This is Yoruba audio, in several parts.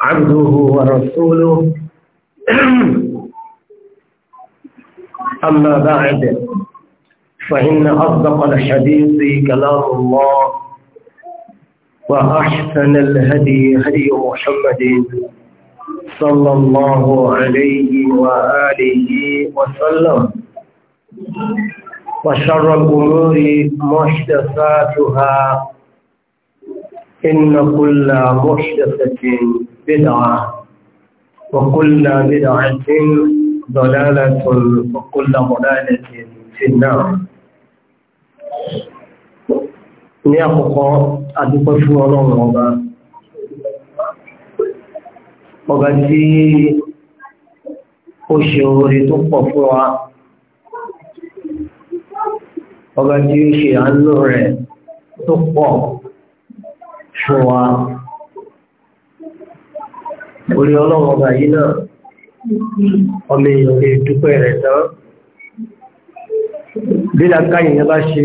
عبده ورسوله أما بعد فإن أصدق الحديث كلام الله وأحسن الهدي هدي محمد صلى الله عليه وآله وسلم وشر الأمور محدثاتها إن كل محدثة بدعة وكل بدعة ضلالة وكل ضلالة في النار ní àkọ́kọ́ adúpẹ́ fún ọlọ́run ọba ọba tí ó ṣe oore tó pọ̀ fún wa ọba tí ó ṣe àánú rẹ̀ tó pọ̀ fún wa orí ọlọ́wọ́ ọba yìí náà ọmọ èèyàn lè dúpẹ́ rẹ̀ tán bí làkàyè yẹn bá ṣe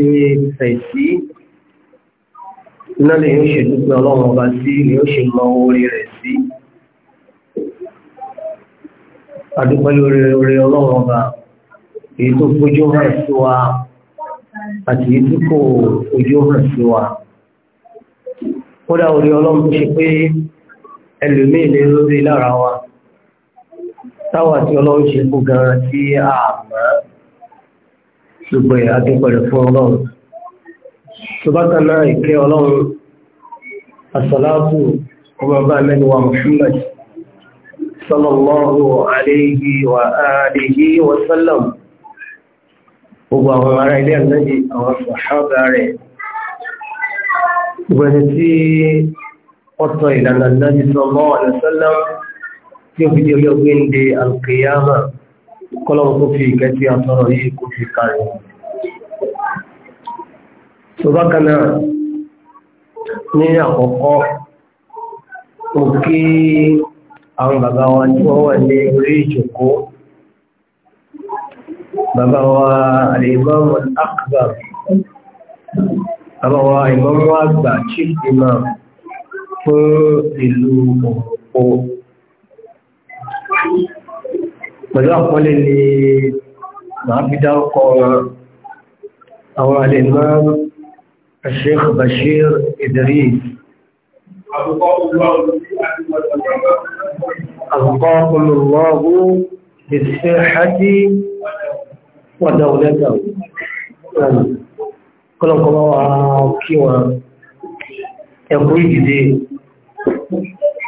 fẹ̀ sí iná lè yóò ṣe dúpẹ́ ọlọ́wọ́ ọba sí lè yóò ṣe mọ orí rẹ̀ sí adúpẹ́ lórí orí ọlọ́wọ́ ọba èyí tó fojú hàn sí wa àti èyí tí kò fojú hàn sí wa kódà orí ọlọ́run ṣe pé ẹlòmíì lè lórí lára wa táwa tí ọlọ́run ṣe kú gan tí a mọ̀ ṣùgbọ́n àdúpẹ̀rẹ̀ fún ọlọ́run tó bá kan náà ìkẹ́ ọlọ́run asàlátù ọmọ bá mẹ́nu wa Muhammad sallallahu alayhi wa alihi wa sallam gbogbo àwọn ará ilé ànájì àwọn sàhábà rẹ̀ gbogbo tí ọ̀tọ̀ ìlànà Nabi sallallahu alaihi wasallam tí ó fi di ọjọ́ gbé ń de alkiyama kọ́lọ́wọ́ tó fi ìkẹ́ tí a sọ̀rọ̀ yìí kò fi kàrí. tó bá kaná ní àkọ́kọ́ mo kí àwọn bàbá wa tí wọ́n wà ní orí ìjòkó bàbá wa al-Imam bàbá wa ìmọ̀mọ́ àgbà chief imam fún ìlú òpó. Pẹ̀lú àpọ́lé ni màá fi dárúkọ àwọn al-Imam Sheikh Bashir Idris. ألقاكم الله بالصحة ودولته kọ́lọ̀kọ́lọ́ àwọn kí wọn ẹ̀kú ìdìdè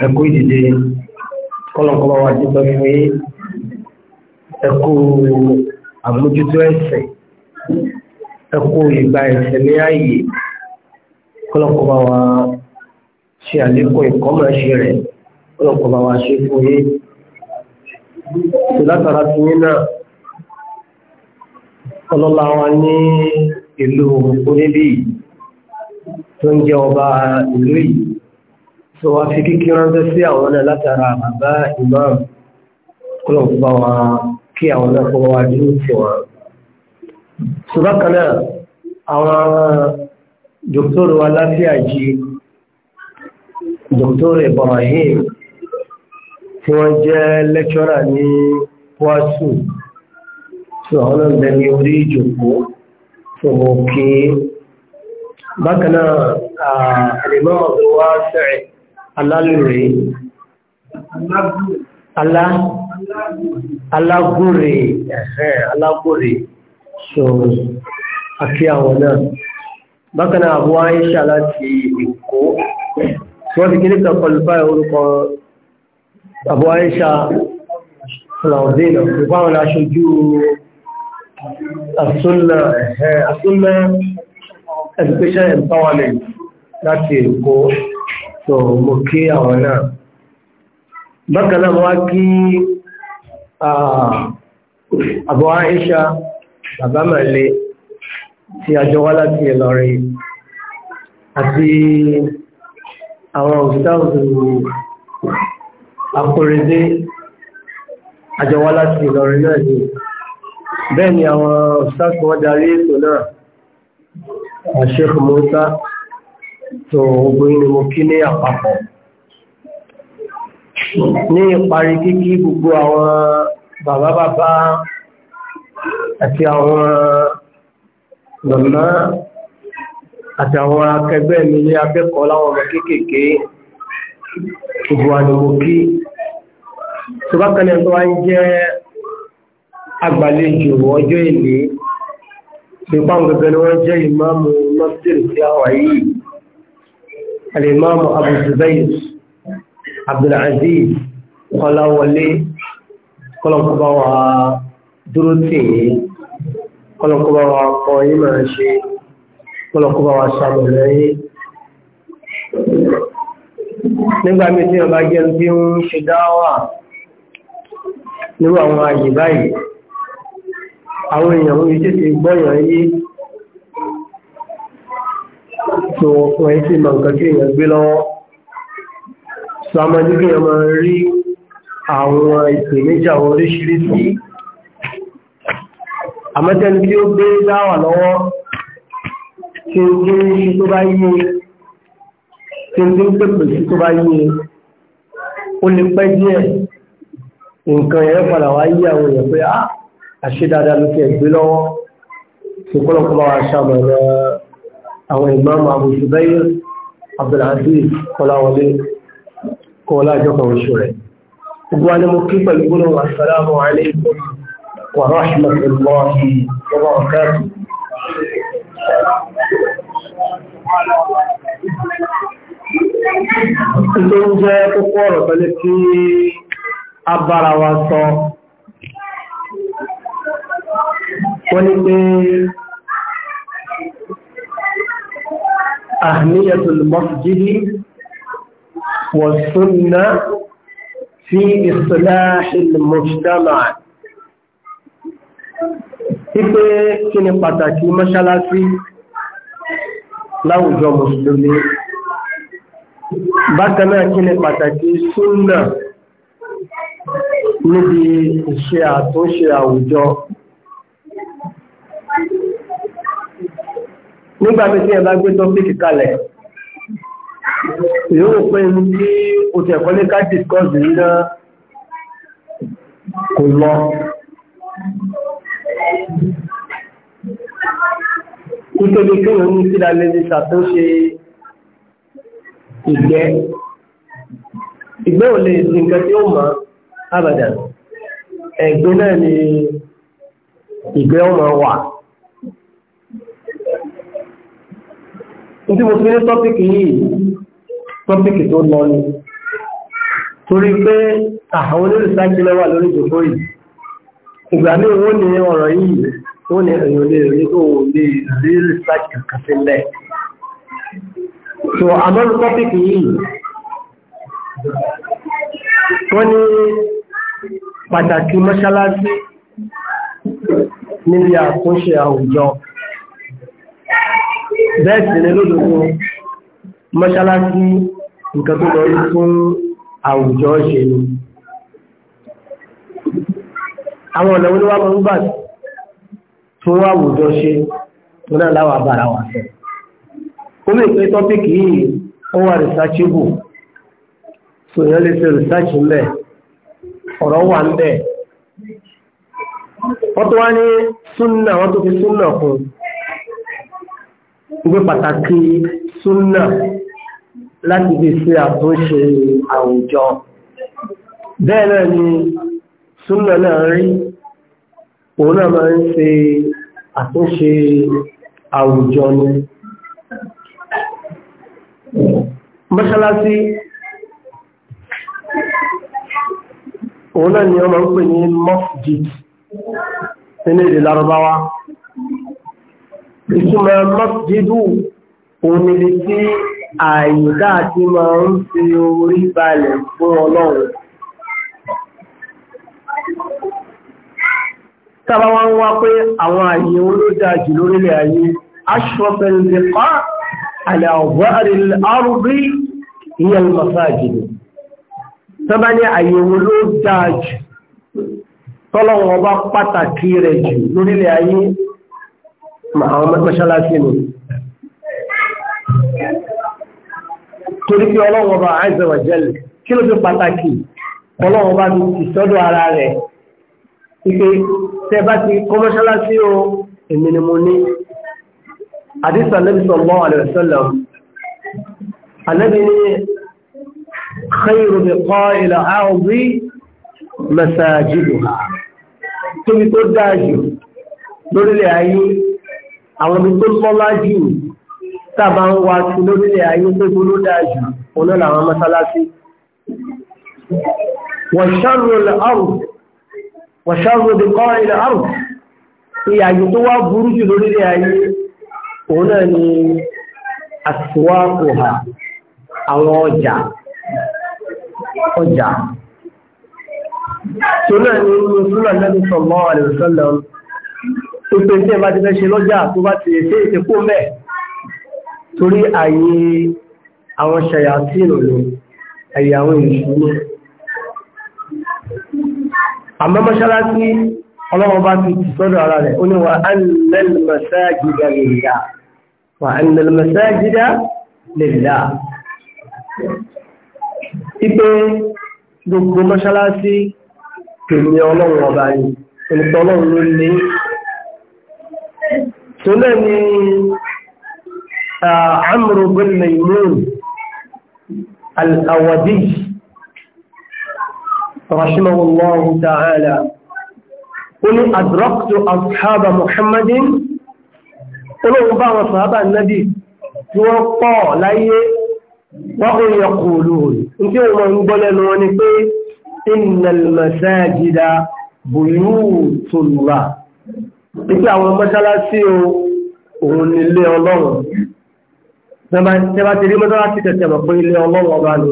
ẹkú ìdìde kọ́lọ̀kọ́lọ̀ wa jẹ́ pẹ̀lú pé ẹkú àmójútó ẹ̀sẹ̀ ẹkú ìgbà ẹ̀sẹ̀ ní ààyè kọ́lọ̀kọ́lọ̀ wa ṣe àlékún ìkọ́mọ̀ṣe rẹ̀ kọ́lọ̀kọ́lọ̀ wa ṣe fún yé látara ti ní náà ọlọ́lá wa ní ìlú oníbí tó ń jẹ́ ọba ìlú yìí tó wá fi kíkí ránṣẹ́ sí àwọn náà látara bàbá imam kúlọ̀ bá wa kí àwọn náà kó wá dúró tì wọ́n. ṣùgbọ́n kan náà àwọn dòkítọ́rù wa láfíà jí dòkítọ́rù Ibrahim tí wọ́n jẹ́ lẹ́kṣọ́rà ní kwásù tí àwọn náà bẹ ní orí ìjòkó tó kí bákan náà ọ̀dọ́ wá sẹ́yìn alálùrẹ́ alá alágúrè ẹ̀hẹ́ alágúrè so àti àwọn náà bákaná àbúwá Aisha láti Èkó wọ́n ti kíníkà kọlùfà orúkọ àbúwá Aisha Salaudina nípa àwọn aṣojú asúnà ẹ̀hẹ́ asúnà education empowerment láti Èkó so mo kí àwọn náà bákan náà kí àbọ̀ Aisha bàbá mẹ́lẹ̀ tí àjọ wá láti Ìlọrin àti àwọn òṣìṣàwòsàn akóredé àjọ wá láti Ìlọrin náà ni bẹ́ẹ̀ ni àwọn òṣìṣàwòsàn darí ètò náà Sheikh tó gbogbo inú mo kí ní àpapọ̀ ní ìparí kíkí gbogbo àwọn bàbá bàbá àti àwọn lọ́nà àti àwọn akẹgbẹ́ mi ní akẹ́kọ̀ọ́ láwọn ọmọ kéékèèké gbogbo àdìmò kí tó bá kẹ́lẹ̀ tó wá ń jẹ́ agbàlejò ọjọ́ èlé tó bá ni wọ́n jẹ́ ìmáàmù lọ́sẹ̀rẹ̀ sí àwà yìí الإمام أبو الزبير عبد العزيز قلاولي قلن قبوا دروتي قلن قبوا قويمة شيء قلن قبوا سامري nígbà mi tí ọba jẹ́ bí ń ṣe dáwà nínú àwọn àyè báyìí àwọn èèyàn ń ṣe ti gbọ́yàn yìí so wọ́n yí sí máa nǹkan kí èèyàn gbé lọ́wọ́ so a máa ní kí èèyàn máa rí àwọn ìpèníjà oríṣiríṣi àmọ́tẹ́ni tí ó gbé dáwà lọ́wọ́ tí ó gbé ṣe tó bá yí tí ó gbé pèpè sí tó bá yí ó lè pẹ́ díẹ̀ nǹkan yẹn padà wá yí àwọn èèyàn pé ah, àṣẹ dáadáa ló ti ẹ̀gbé lọ́wọ́ ṣùgbọ́n kọ́ bá wa ṣàmọ̀ àwọn ìmáàmù Abu Zubair Abdulaziz kọláwọlé kọlá ìjọba oṣù rẹ̀ gbogbo wa ni mo kí pẹ̀lú gbọ́dọ̀ assalamu alaikum wa rahmatullahi wa Wọ́n ní pé أهمية المسجد والسنة في إصلاح المجتمع Ipe kí ni pàtàkì mọ́ṣálásí láwùjọ Mùsùlùmí? Bákan náà kí ni pàtàkì súnnà níbi ìṣe àtúnṣe àwùjọ Mùsùlùmí? nígbà tí ẹ bá gbé tọ́pìkì kalẹ̀ yóò pé ní tí o tẹ̀ kọ́ ní ká discuss yìí náà kò lọ nítorí kí òun sí lálẹ́ ní ṣàtúnṣe ìgbẹ́ ìgbẹ́ ò lè sí nǹkan tí ó mọ̀ abàdàn ẹ̀gbẹ́ náà ni ìgbẹ́ ọmọ wà. ìdí mo ti ní tọ́pìkì yìí tọ́pìkì tó lọ ni torí pé àwọn onírìsáàkì lẹ́wà lórí ìjòkó yìí ìgbà ní owó ní ọ̀rọ̀ yìí ó ní èèyàn lè rí ó lè rí rìsáàkì kankan sílẹ̀ so àmọ́nu tọ́pìkì yìí wọ́n ní pàtàkì mọ́ṣáláṣí níbi àkúnṣe àwùjọ bẹ́ẹ̀ sì ni lódodo mọ́ṣáláṣí nǹkan tó lọ fún àwùjọ ṣe ni àwọn ọ̀nà oníwà máa ń gbà fún àwùjọ ṣe tó náà láwà bára wà sẹ́ ó lè pé tọ́pìkì yìí ó wà researchable sòyàn lè ṣe research ń bẹ̀ ọ̀rọ̀ wà ń bẹ̀ wọ́n tó wá ní súnà wọ́n tó fi súnà fún gbé pàtàkì súnà láti fi ṣe àtúnṣe àwùjọ bẹ́ẹ̀ náà ni súnà náà rí òun náà máa ń ṣe àtúnṣe àwùjọ ni mọ́ṣálásí òun náà ni wọ́n máa ń pè ní mọ́fjì nínú èdè lárúbáwá ìtumọ̀ mọ́sídù onílé tí àyíká àti máa ń fi orí balẹ̀ fún ọlọ́run tàbá wọ́n wá pé àwọn àyè olóòdá jù lórílẹ̀ ayé aṣọ́fẹ́lẹ̀kọ́ àlàọ̀bọ̀rẹ̀ arúgbí ìyẹn tàbá ní àyè olóòdá jù tọ́lọ́wọ́ bá pàtàkì rẹ̀ jù lórílẹ̀ ayé àwọn mọ́ṣáláṣí ni torí pé ọlọ́run ọba azza wa jalla kí ló fi pàtàkì ọlọ́run ọba ti ìsọ́dọ̀ ara rẹ̀ ike tẹ bá ti kọ́ mọ́ṣáláṣí o èmi ni mo ní àdìsá Nabi sallallahu alaihi wasallam ànábì ní khayru biqa'il àwọn ibi tó lọ́lá jù tàbá ń wa ti lórílẹ̀ ayé tó gbóló dáa jù ọ̀nà làwọn mọ́sálásí wọ̀ṣàrùn-ún kọ́ ilẹ̀ àrùn ìyàyò tó wá burú jù lórílẹ̀ ayé òun náà ni àtiwákòhà àwọn ọjà ọjà tó náà ni inú súnà Nabi sallallahu alaihi wasallam tó pé tí ẹ bá ti fẹ́ ṣe lọ́jà tó bá ti ṣe ìtẹ́kù mẹ́ torí àyè àwọn ṣàyàtì ìrọ̀lẹ́ àyè àwọn ìṣúná àmọ́ mọ́ṣáláṣí ọlọ́wọ́ bá ti sọ́dọ̀ ara rẹ̀ ó ní wà annal masajida tòlẹ́ ni ah, Amru bin Maymun al-Awadi rahimahullahu ta'ala قل أدركت أصحاب محمد olóhun bá wọn sọ̀rọ̀ bá nẹ́bí tí wọ́n pọ̀ láyé wọ́n ń yọkù olóhùn tí wọ́n ń gbọ́ lẹ́nu wọn ni pé innal masajida buyutullah pípẹ́ àwọn mọ́ṣáláṣí o òun ni ilé ọlọ́run tẹ́bá ti rí mọ́ṣáláṣí tẹ̀tẹ̀ mọ̀ pé ilé ọlọ́run ọba ni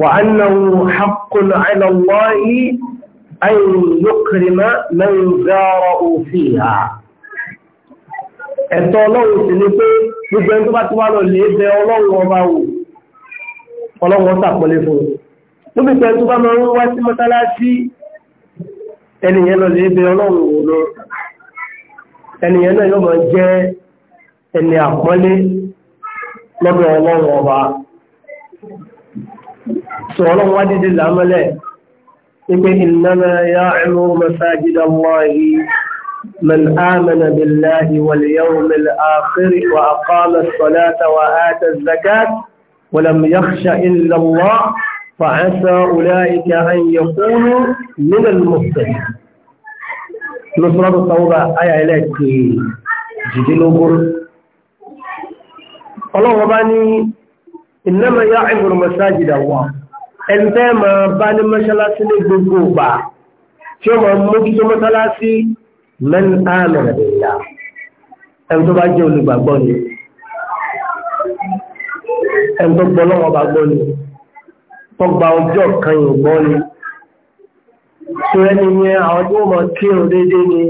wà á nà wù haqqun ala Allahi an yukrima man zara fiha ẹ̀tọ́ ọlọ́run sì ni pé gbogbo ẹni tó bá ti wá lọ lè bẹ ọlọ́run ọba wò ọlọ́run ọ̀sà ẹnìyẹn náà yóò máa jẹ́ ẹni àpọ́nlé lọ́dọ̀ ọlọ́run ọba sọ ọlọ́run wá dídí lámọ́lẹ̀ wípé innama ya'muru masajid Allahi man amana billahi wal yawmil akhir wa aqama as-salata wa ata az-zakat wa lam yakhsha illa Allah fa'asa ulaika an yakunu min al-muhtadin lọ́sọ́rọ́ tàwọ́bà ayà ilẹ̀ kì jìdínlógún ọlọ́wọ́ bá ní ìnáma yá ìmọ̀rọ̀ mọ́sájìdà wà ẹ̀ntẹ́ ma bá ní mọ́ṣálásí ní gbogbo ọgbà tí ó ma mójútó mọ́ṣálásí mẹ́n àmẹ́rẹ̀ ìyá ẹ̀ntọ́ bá jẹ́ tó ẹni yẹn àwọn tí wọ́n mọ̀ kí o dédé ni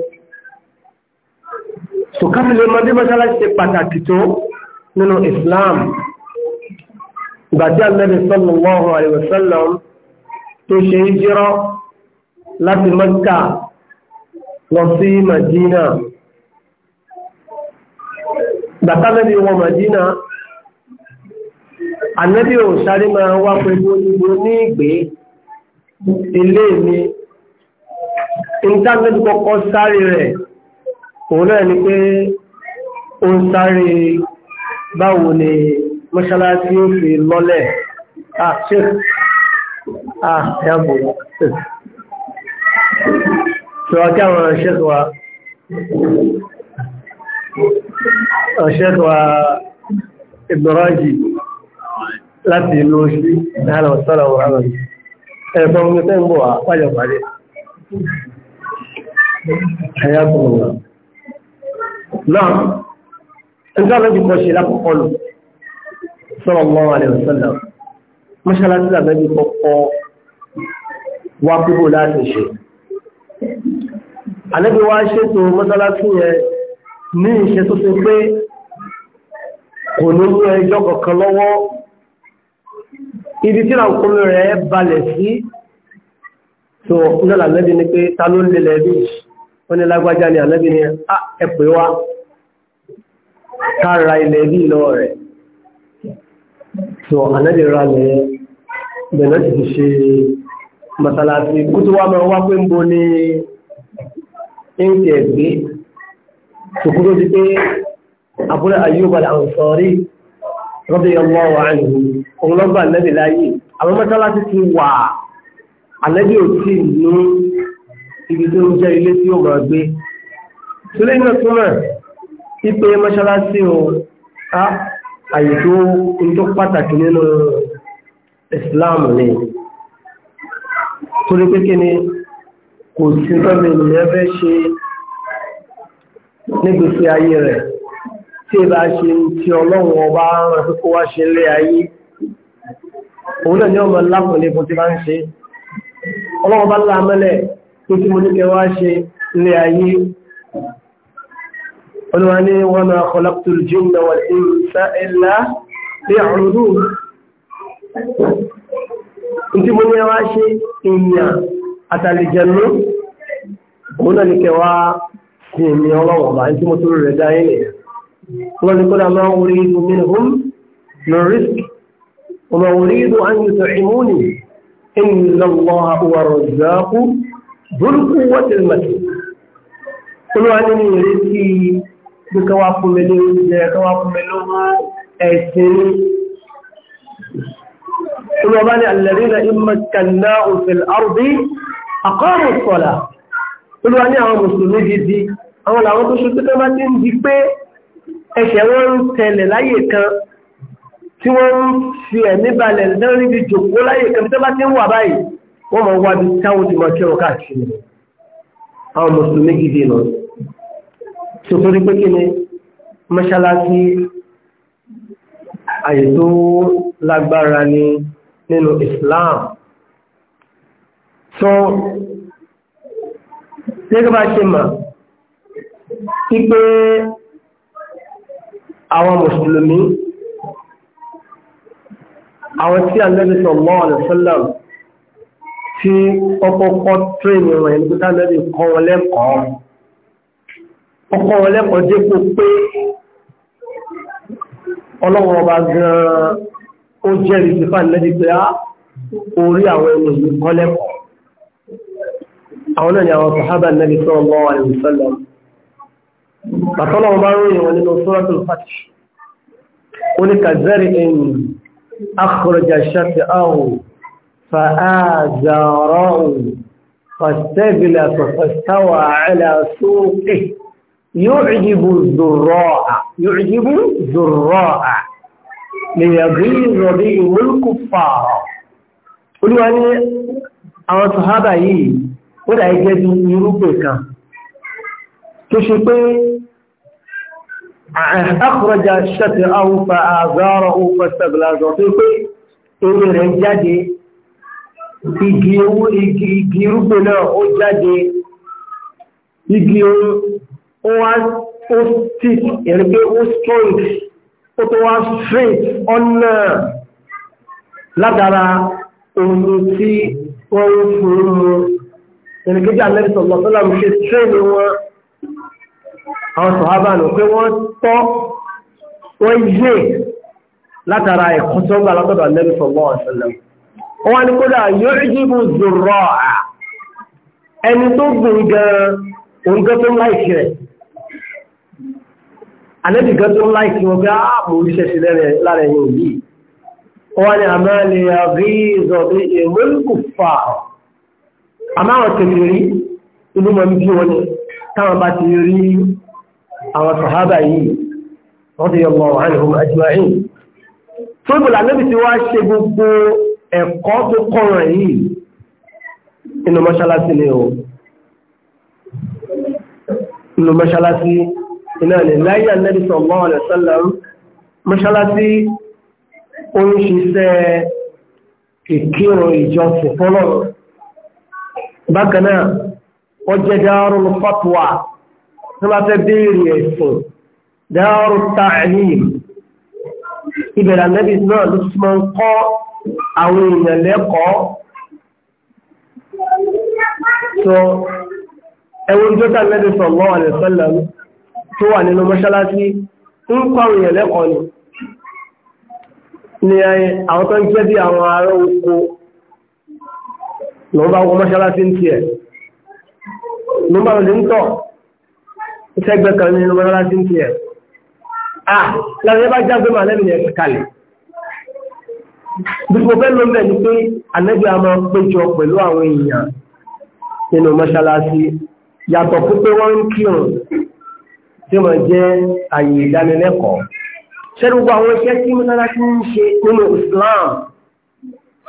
so káfílẹ̀ mọ́ bí mọ́sálásí ṣe pàtàkì tó nínú Islam ìgbàdí àmẹ́rin sallallahu alaihi wasallam tó ṣe é jírọ́ láti Mẹ́kà lọ sí Madina gbàtàmẹ́bí wọ Madina àmẹ́bí ò sáré máa wá pẹ̀lú onígbé ilé mi ìntánẹ́tì kọ́kọ́ sáré rẹ̀ òun náà ni pé ó ń sáré báwo ni mọ́ṣáláṣí ó fi lọ́lẹ̀ àṣẹ àyàbò ṣọ́wọ́ kí àwọn ṣẹ́tọ̀ wa ṣẹ́tọ̀ láti ìlú oṣù ìdáhàlọ̀ sọ́lọ̀ ọ̀rọ̀ ẹ̀fọ́n mi fẹ́ ń bọ̀ wá pàjọ̀ pàdé ẹ̀yàtọ̀ ọ̀rọ̀ náà ẹgbẹ́ méjì kọ́ ṣe lákọ̀ọ́kọ́ lò sallallahu alaihi wasallam mọ́ṣálásí làbẹ́bí kọ́kọ́ wá púpọ̀ láti ṣe àlẹ́bí wá ṣètò mọ́ṣálásí yẹn ní ìṣe tó ṣe pé kò ní mú ẹjọ́ kọ̀ọ̀kan lọ́wọ́ ibi tí làwọn kọ́mí rẹ̀ balẹ̀ sí so nílànà lẹ́bí ni pé ta ló ń lélẹ̀ bí wọ́n ní lágbájá ni ànábì ni ah, ẹ̀pẹ̀ wá kára ilẹ̀ bí lọ rẹ̀ so ànábì ra lẹ̀ bẹ̀rẹ̀ ti fi ṣe mọ́sálásí kó tó wá máa wá pé ń bo ní ẹ̀ǹtì ẹ̀gbẹ́ tòkúrò ti pé abúlé Ayyub al-Ansari radiyallahu anhu òun lọ́gbà ibi tó ń jẹ́ ilé tí ó máa gbé sílé náà túmọ̀ ipe mọ́ṣáláṣí o á àyè tó ń tó pàtàkì nínú Islam ni torí pé kí ni kò sí tọ́lẹ̀ ènìyàn fẹ́ ṣe nígbèsè ayé rẹ̀ tí ìbá ṣe ti ọlọ́run ọba rẹ̀ kókó wá ṣe lé ayé òun náà ni ọmọ lápò ní ipò tí bá ń ṣe ọlọ́run bá lámẹ́lẹ̀ tó kí mo ní kẹwa ṣe ilé ayé olúwa ní wọn máa kọlọ́pùtù jùm náà wà ní ìsá ẹ̀lá ní àrùdù tí mo ní ẹwà ṣe ìyàn àtàlìjẹ̀nú òun náà ní kẹwa sí èmi ọlọ́wọ̀ bá tí mo tóró rẹ̀ dáyé nìyà إن الله هو الرزاق burúkú wọ́tí mọ̀tí olúwa ní ní ìrètí bí káwá fún mi ní oúnjẹ káwá fún mi lówó ẹ̀sìn olúwa bá ní alladhina immakkannahum fil ardi aqamu as-salah olúwa ní àwọn mùsùlùmí gidi àwọn làwọn tó ṣojú tó bá ti ń di pé ẹsẹ̀ wọn ń tẹ̀lẹ̀ láyè kan tí wọ́n ń fi ẹ̀mí balẹ̀ lórí ibi jòkó kan tó bá ti ń wà báyìí wọ́n máa wá bí táwọn ti máa kírun káàkiri àwọn mùsùlùmí gidi lọ sotori pé kí ni mọ́ṣáláṣí àyè tó lágbára ni nínú Islam so gẹ́gẹ́ bá ṣe mọ̀ sí pé àwọn mùsùlùmí àwọn tí Ànábì sallallahu alaihi wasallam tí ọkọ̀ kọ́ tírèmì rẹ̀ ní pítà lẹ́bí kọ́ wọn lẹ́kọ̀ọ́ ọkọ̀ wọn lẹ́kọ̀ọ́ dépò pé ọlọ́wọ́ ọba gan-an ó jẹ́ ìsìnfà lẹ́bí pé á orí àwọn ẹni yìí kọ́ lẹ́kọ̀ọ́ àwọn náà ni àwọn sàhábà lẹ́bí فآزاره فاستبلت فاستوى على سوقه يعجب الذراع يعجب الذراع ليغيظ بهم الكفار قلوا أن àwọn sọ̀hábà yìí ó dà gẹ́gẹ́ bí irúgbè kan tó ṣe pé àkọrọjà ṣẹ́tẹ̀ àwọn fa àzọ́rọ̀ òun pẹ̀sẹ̀bìlázọ̀ tó pé eré rẹ̀ jáde igi owó igi igi irúgbìn náà ó jáde igi ó wá ó stick ẹ̀rí pé ó strong ó tó wá straight ọ̀nà ládàra ohun tí wọ́n ń fún un ẹnìkejì alẹ́bí sọ̀rọ̀ sọ́lá mi ṣe train wọn àwọn sọ̀hábà nù pé wọ́n tọ́ wọ́n yé látara ẹ̀kọ́ tó ń gbà látọ̀dọ̀ alẹ́bí sọ̀rọ̀ ọ̀sẹ̀lẹ̀ wọ́n ní kódà yóò jíbu zòrọ̀ à ẹni tó gbìn gan oúnjẹ tó láìsí rẹ̀ àlẹ́bì gan tó láìsí wọn pé á mú oríṣẹ́ sí lára ẹ̀yìn òbí wọ́n ní àmọ́ lè rí ìzọ̀bí ìmúlùkù fà àmọ́ àwọn tèmi rí inú mọ̀ ní bí wọ́n táwọn bá ti rí àwọn sàhábà yìí wọ́n ti yọ̀ mọ̀ àwọn àjùmáyìn tó ti wá ṣe gbogbo ẹ̀kọ́ tó kọ́ràn yìí inú mọ́ṣálásí ni o inú mọ́ṣálásí iná ni láyé Ànábì sallallahu alaihi wasallam mọ́ṣálásí ó ń ṣiṣẹ́ ìkírun ìjọsìn fọ́lọ́run bákan náà wọ́n jẹ́ dárul fatwa tí wọ́n fẹ́ béèrè ẹ̀sìn dárut ta'lim ìbẹ̀rẹ̀ Ànábì náà ló àwọn èèyàn lẹ́kọ̀ọ́ so ẹwọ́n jọta mẹ́rin sallallahu alaihi wasallam tó wà nínú mọ́ṣálásí ń kọ́ àwọn èèyàn lẹ́kọ̀ọ́ ni ni àwọn tó ń jẹ́ bí àwọn ará oko lọ bá wọ mọ́ṣálásí ń tiẹ̀ ló bá wọn lè ń tọ̀ ìṣẹ́gbẹ́ kan nínú mọ́ṣálásí ń tiẹ̀ ah láti bá jágbé màlẹ́bìnrin ẹ̀ kalẹ̀ Gbogbo fẹ́ ló ń bẹ̀ ni pé ànẹ́bí a máa péjọ pẹ̀lú àwọn èèyàn nínú mọ́ṣáláṣí yàtọ̀ fún pé wọ́n ń kírun tí wọ́n jẹ́ àyè ìdánilẹ́kọ̀ọ́. Ṣẹ́rú gbogbo àwọn iṣẹ́ tí mọ́ṣáláṣí ń ṣe nínú Islam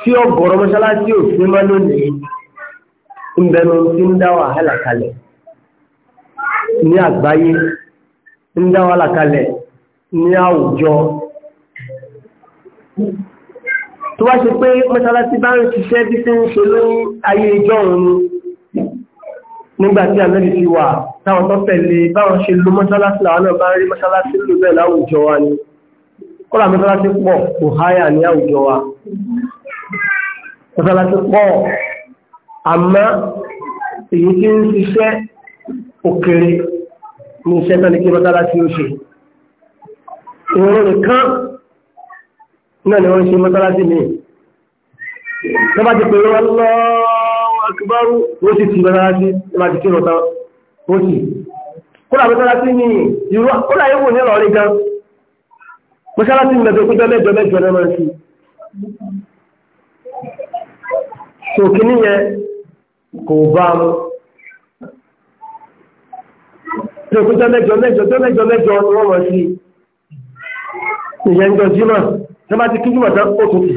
tí ọ̀gọ̀rọ̀ mọ́ṣáláṣí ò sí mọ́ lónìí ń bẹnu tí ń dá wàhálà kalẹ̀ ní àgbáyé ń dá wàhálà kalẹ̀ ní àwùjọ tó wá ṣe pé mọ́ṣáláṣí bá ń ṣiṣẹ́ bí tí ń ṣe lórí ayé ìjọ òun ni nígbà tí àmẹ́lì ti wà táwọn tó tẹ̀lé báwọn ṣe lo mọ́ṣáláṣí làwọn náà bá ń rí mọ́ṣáláṣí lò bẹ́ẹ̀ láwùjọ wa ni kọ́lá mọ́ṣáláṣí pọ̀ kò háyà ní àwùjọ wa mọ́ṣáláṣí pọ̀ àmọ́ èyí tí ń ṣiṣẹ́ òkèrè ní iṣẹ́ tán ní kí mọ́ṣáláṣí ó ṣe ìrìn nìkan náà ni wọ́n ṣe mọ́sálásí mi tó bá ti pè wọ́n lọ akíbárú ó sì ti mọ́sálásí tó bá ti kí lọ́ta ó sì kódà mọ́sálásí mi ìrú kódà yóò wò ní ọ̀rẹ́ gan mọ́sálásí mi lọ́dọ̀ péjọ mẹ́jọ mẹ́jọ náà máa ń mẹ́jọ mẹ́jọ ni wọ́n mọ̀ sí ìyẹn jọ jímọ̀ tó bá ti kí jùmọ̀ tán ó tún kì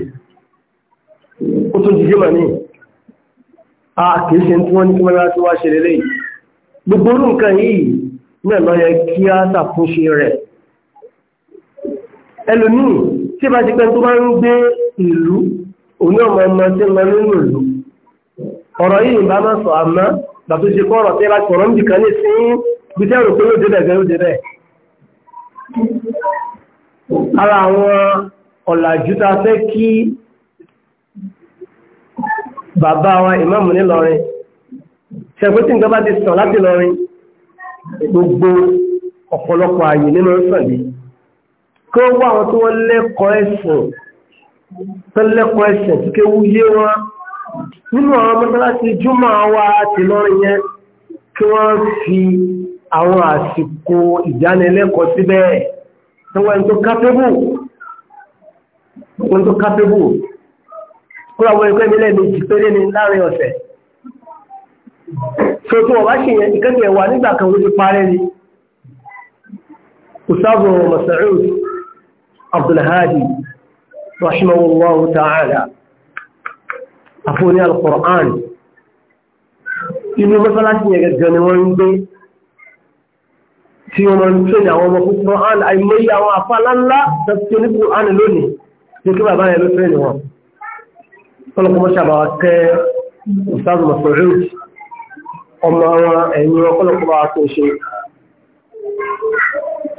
ó tún jìjì mọ̀ ní a kìí ṣe tí wọ́n ní kí wọ́n láti wá ṣe lélẹ̀ yìí gbogbo orú nǹkan yìí náà lọ yẹ kí á ṣàtúnṣe rẹ̀ ẹlòmíì tí bá ti pẹ́ tó bá ń gbé ìlú òun náà mọ ọmọ tí ń lọ nínú ìlú ọ̀rọ̀ yìí ìbá máa sọ àmọ́ bàtó ṣe kọ́ tí ẹ bá ń dìkan ní sí bí tẹ́ rò pé yóò débẹ̀ ara àwọn ọ̀làjú ta fẹ́ kí bàbá wa ìmáàmù ní lọrin ṣẹ̀gbẹ́ tí nǹkan bá ti sàn láti lọrin gbogbo ọ̀pọ̀lọpọ̀ ààyè nínú sàbí kí ó wá àwọn tí wọ́n lẹ́kọ̀ọ́ ẹ̀sìn tó lẹ́kọ̀ọ́ ẹ̀sìn tí kéwú yé wọn nínú àwọn mọ́sálásí júmọ̀ wa ti lọrin yẹn kí wọ́n fi àwọn àsìkò ìdánilẹ́kọ̀ọ́ síbẹ̀ tó wọ́n tó kápẹ́bù ọkùnrin tó kápébù kúrò àwọn ẹgbẹ́ ìbílẹ̀ méjì péré ni láàrin ọ̀sẹ̀ tó tó ọ̀bá ṣe yẹn ìkẹ́kẹ̀ ẹ̀wà nígbà kan ló ti parẹ́ ni ustaz Mas'ud Abdulhadi rahimahullahu ta'ala àfúnni al-Qur'an inú mọ́sálásí yẹn gẹ́gẹ́ ni wọ́n ń gbé tí wọ́n ń tún àwọn ọmọ fún Qur'an àìmọye àwọn àfáàlá ńlá tẹ́tí oníkùrán lónìí tí kí bàbá yẹn ló fẹ́ ìwọ̀n ọlọ́kọ̀ọ́ ṣàbàwà tẹ́ ìsáàbù mọ̀sọ̀rọ̀ ọmọ wọn ẹ̀yìn ọkọ̀lọ́kọ̀ọ́ bá tó ṣe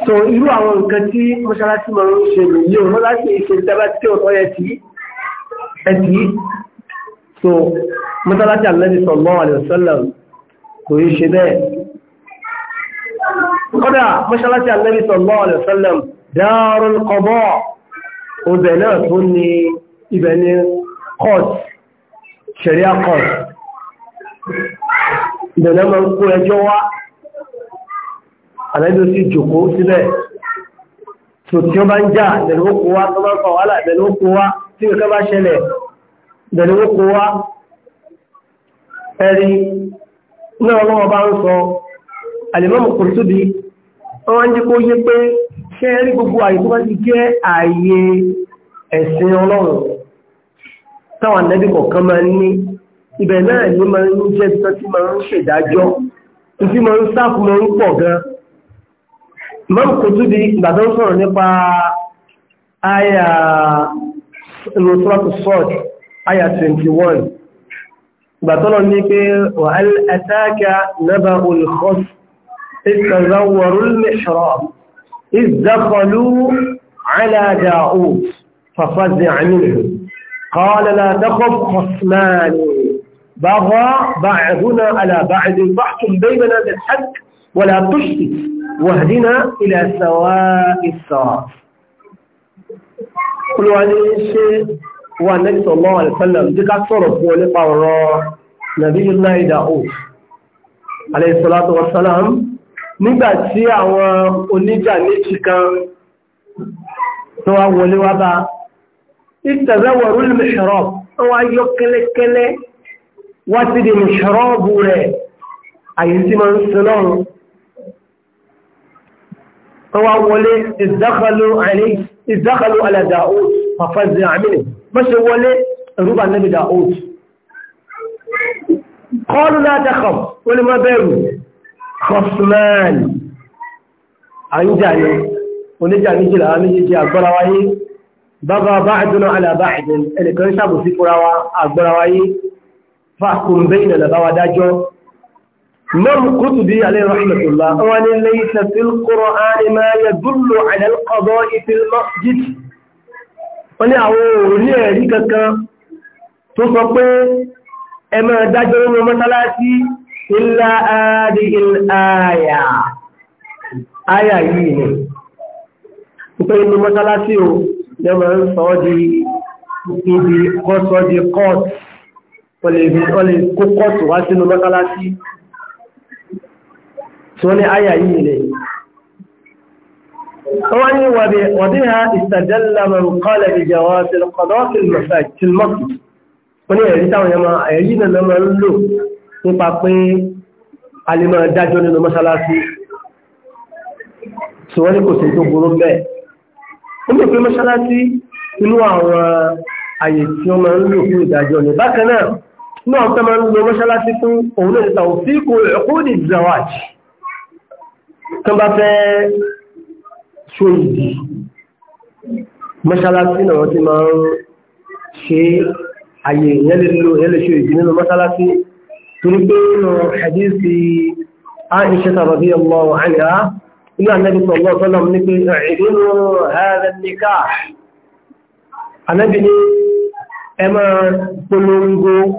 so irú àwọn nǹkan tí mọ́ṣáláṣí máa ń ṣe nìyí o wọ́n láti ṣe ìjọba tí ó tọ́ tí ẹ tí so mọ́ṣáláṣí àlẹ́bí sallallahu alaihi wasallam kò yí ṣe bẹ́ẹ̀ kódà mọ́ṣáláṣí àlẹ́bí sallallahu alaihi wasallam darul ọbẹ̀ náà tó ní ibẹ̀ ní court sharia court ibẹ̀ náà máa ń kó ẹjọ́ wá àlẹ́dọ̀ sí jòkó sílẹ̀ tó tí ó bá ń jà ìdẹ̀lówókó wá tó bá ń fa wàhálà ìdẹ̀lówókó wá tí ìkẹ́ bá ṣẹlẹ̀ ìdẹ̀lówókó wá ẹ̀rí náà wọ́n bá ń sọ àlìmọ́mù kùrùtùbí wọ́n ń jí kó yé pé ṣe rí gbogbo àyè tó bá ti jẹ́ àyè ẹ̀sìn ọlọ́run táwọn ànábì kọ̀ọ̀kan máa ń ní ibẹ̀ náà ní máa ń jẹ́ tán tí máa ń ṣèdájọ́ tí máa ń sáàkù máa ń pọ̀ gan mọ́mù kò tún di ìgbà tó ń sọ̀rọ̀ nípa àyà ìrọ̀tọ́lọ́tù sọ́ọ̀tù àyà 21 ìgbà tó lọ ní pé wàhálà àtàkà náà bá olùkọ́sù ìtàzáwọ̀rún mẹ́ṣọ́rọ̀ إذ دخلوا على داود ففزع منه قال لا تخف خصمان بغى بعضنا على بعض فاحكم بيننا بالحق ولا تشتت واهدنا إلى سواء الصراط قلوا عن الشيء والنبي صلى الله عليه وسلم ذكر الصرف ولقى نبي الله داود عليه الصلاة والسلام nígbàtí àwọn oníjà méjì kan tó wá wọlé wá bá ìtàzẹ́wọ̀rú lè mẹ́ṣọ́rọ̀ ó wá yọ kẹ́lẹ́kẹ́lẹ́ wá sí di mẹ́ṣọ́rọ̀ bú rẹ̀ àyè tí ma ń sinọ́rùn ó wá wọlé ìzákàlù aládàáwò fàfàzì àmìnì bá لا تخف ولما بيروا kọsùmẹ́ẹ̀lì àyíjàní oníjà méjìlá méjìjì àgbọ́rawáyé bàbá bá àdúnà alàbá àdún ẹnìkan sàbòsí fúrawa àgbọ́rawáyé fàkùn bẹ́yìn lọ́báwá dájọ́ mọ́m kútù bí alẹ́ rahmatullah wọn ni lẹ́yìn fil Qur'ani ma yadullu ala al-qada'i fil masjid wọn ni àwọn òní ẹ̀rí ìlà ààrí ìlàáyà ayà yìí ni pípẹ́ inú mọ́sálásí o lẹ́wọ̀ ń sọ ọ́ di ibi kọ́sọ́ di kọ́ọ̀tù wọ́n lè kó kọ́ọ̀tù wá sínú mọ́sálásí tí wọ́n ní ayà yìí ni wọ́n ní wàdí ha ní ẹ̀rí táwọn ẹ̀yí náà nípa pé a lè máa dájọ́ nínú mọ́ṣáláṣí tí wọ́n ní kò sí tó burú bẹ́ẹ̀. ó mọ̀ pé mọ́ṣáláṣí inú àwọn àyè tí wọ́n máa ń lò fún ìdájọ́ ni bákan náà inú fún òun náà ṣe àyè ìyẹn ìdí nínú mọ́ṣáláṣí تلقين حديث عائشة رضي الله عنها إلى النبي صلى الله عليه وسلم نقول اعلنوا هذا النكاح أنا بني أما بلونغو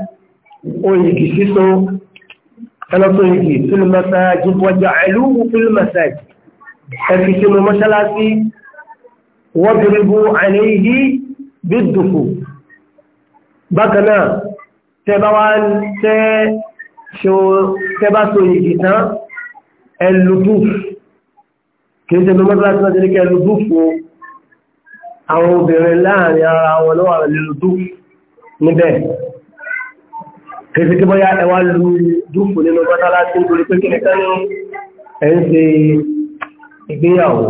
أويكي سيسو أنا طيكي في المساجد وجعلوه في المساجد فكي سنو مشلاتي واضربوا عليه بالدفو بكنا تبوان تبوان ṣe tẹ́bá so yìí tán ẹlùdúf kìí ṣe lọ́mọ́tí láti láti ní kí ẹlùdúf o àwọn obìnrin láàrin ara wọn lọ́wọ́ ẹlùdúf níbẹ̀ kìí ṣe kí bọ́yá ẹwà lùdúf nínú bọ́tá láti ń torí pé kí nìkan ní ẹ̀ ń ṣe ìgbéyàwó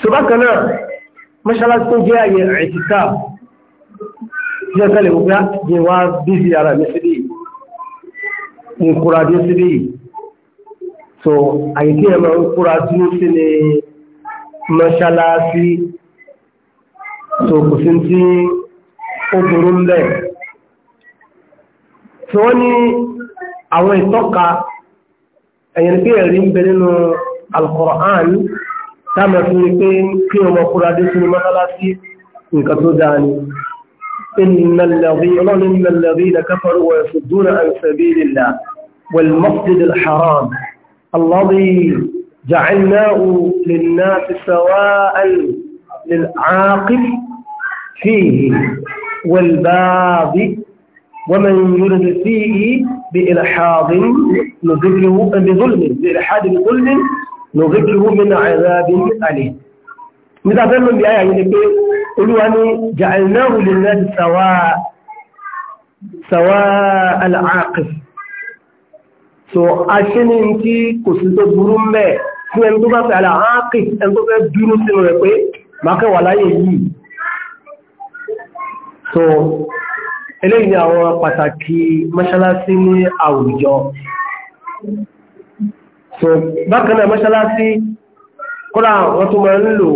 ṣùgbọ́n náà mọ́ṣálásí tó jẹ́ àyè àìsíkà jẹ́ ah, ara mi sí ní kúra dé sí bíi so àyíké ẹ máa ń kúra dúró sí ní mọ́ṣáláṣí so kò sí tí ó burú ń bẹ̀. tí wọ́n ní àwọn ìtọ́ka ẹ̀yìn pé ẹ̀rí ń bẹ nínú al táàmà fi rí pé kí ọmọ kúra dé sínú mọ́ṣáláṣí nǹkan tó dáa ni. إن الذين كفروا ويصدون عن سبيل الله والمسجد الحرام الذي جعلناه للناس سواء للعاقل فيه والباب ومن يرد فيه بإلحاد نذكره بظلم بإلحاد بظلم نذكره من عذاب أليم nígbà fẹ́ من ayà يعني ni pé جعلناه للناس سواء سواء العاقل so aṣíní tí kò sí tó burú mẹ́ fún ẹni tó bá fẹ́ àlà áàkì ẹni tó fẹ́ dúró sínú rẹ̀ pé mákẹwà láyé yìí so eléyìí àwọn pàtàkì mọ́ṣálásí ní àwùjọ so bákanáà mọ́ṣálásí kọ́lá wọ́n tó máa ń lò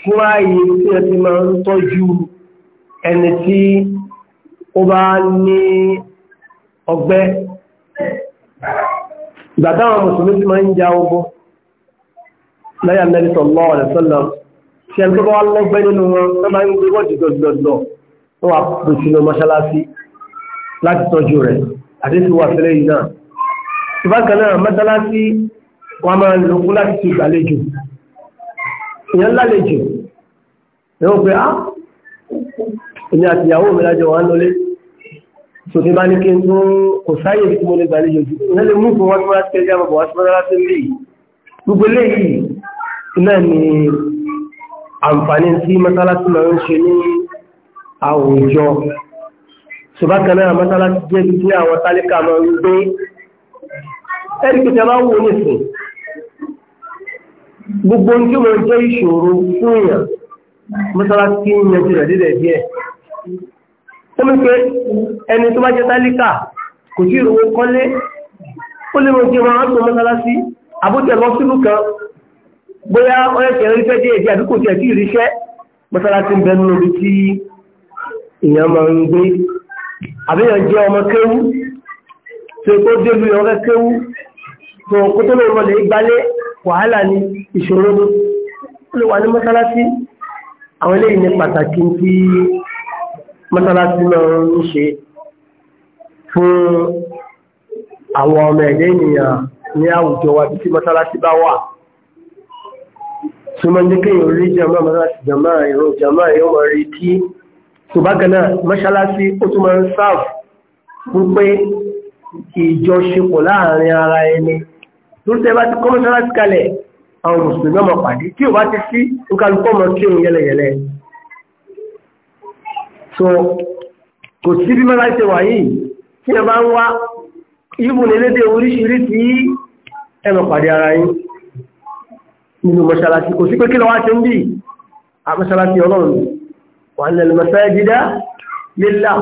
fún ààyè tí ẹ ti máa ń tọ́jú ẹni tí ó bá ní ọgbẹ́ ìgbà táwọn mùsùlùmí ti máa ń ja ogun lẹ́yà Ànábì sallallahu alaihi wasallam tí ẹni tó bá wá lọ́gbẹ́ nínú wọn tó bá ń gbé wọ́n dìdọ̀dọ̀ wọ́n wà pèsè lọ mọ́ṣáláṣí láti tọ́jú rẹ̀ àti tí wà fẹ́lẹ́ yìí náà ìbákan náà mọ́ṣáláṣí wọn máa ń lòkú láti ti gbàlejò ìyẹn lálejò ẹ̀ pé á ah, èmi àtìyàwó mi lájọ wà ń lọlé so tí bá ní kí n tún kò sáyè tí mo lè gbà ní yòjú ìyẹn lè mú fún wọn tí wọn ti kẹjá bọ̀ wọn tí wọn ti lè gbogbo eléyìí náà ni àǹfààní tí mọ́sálásí máa ń ṣe ní àwùjọ ṣùgbọ́n kan mọ́sálásí jẹ́ ó mú pé ẹni tó bá jẹ́ tálíkà kò tí ìrówó kọ́lé ó lè mọ̀jẹ́ wọn tó mọ́sálásí àbújẹ́ lọ sílù kan bóyá ọ̀rẹ́kẹ̀ rí fẹ́ dé èdè àbí kò tiẹ̀ tí ìríṣẹ́ mọ́sálásí ń bẹnu lórí tí èèyàn máa ń gbé mọ́sálásí náà ń ṣe fún àwọn ọmọ ẹ̀dẹ́ ènìyàn ní àwùjọ wa títí mọ́sálásí bá wà tó mọ́ jẹ́kẹ́ yóò rí jẹmọ́ mọ́sálásí jẹmọ́ ìrò jẹmọ́ yóò mọ̀ rí kí tó bá gẹ́nà mọ́sálásí ó tún mọ́ ń sáàf fún pé ìjọṣepọ̀ láàrin ara ẹni lórí so kò sí bí mọ́lá ṣe wà yìí tí ẹ bá ń wá ìbùn elédè oríṣiríṣi ẹmọ pàdé ara yìí nínú mọ́ṣálásí kò sí pé kí lọ wá ṣe ń bí àmọ́ṣálásí ọlọ́run wà nílẹ̀ masajida lillah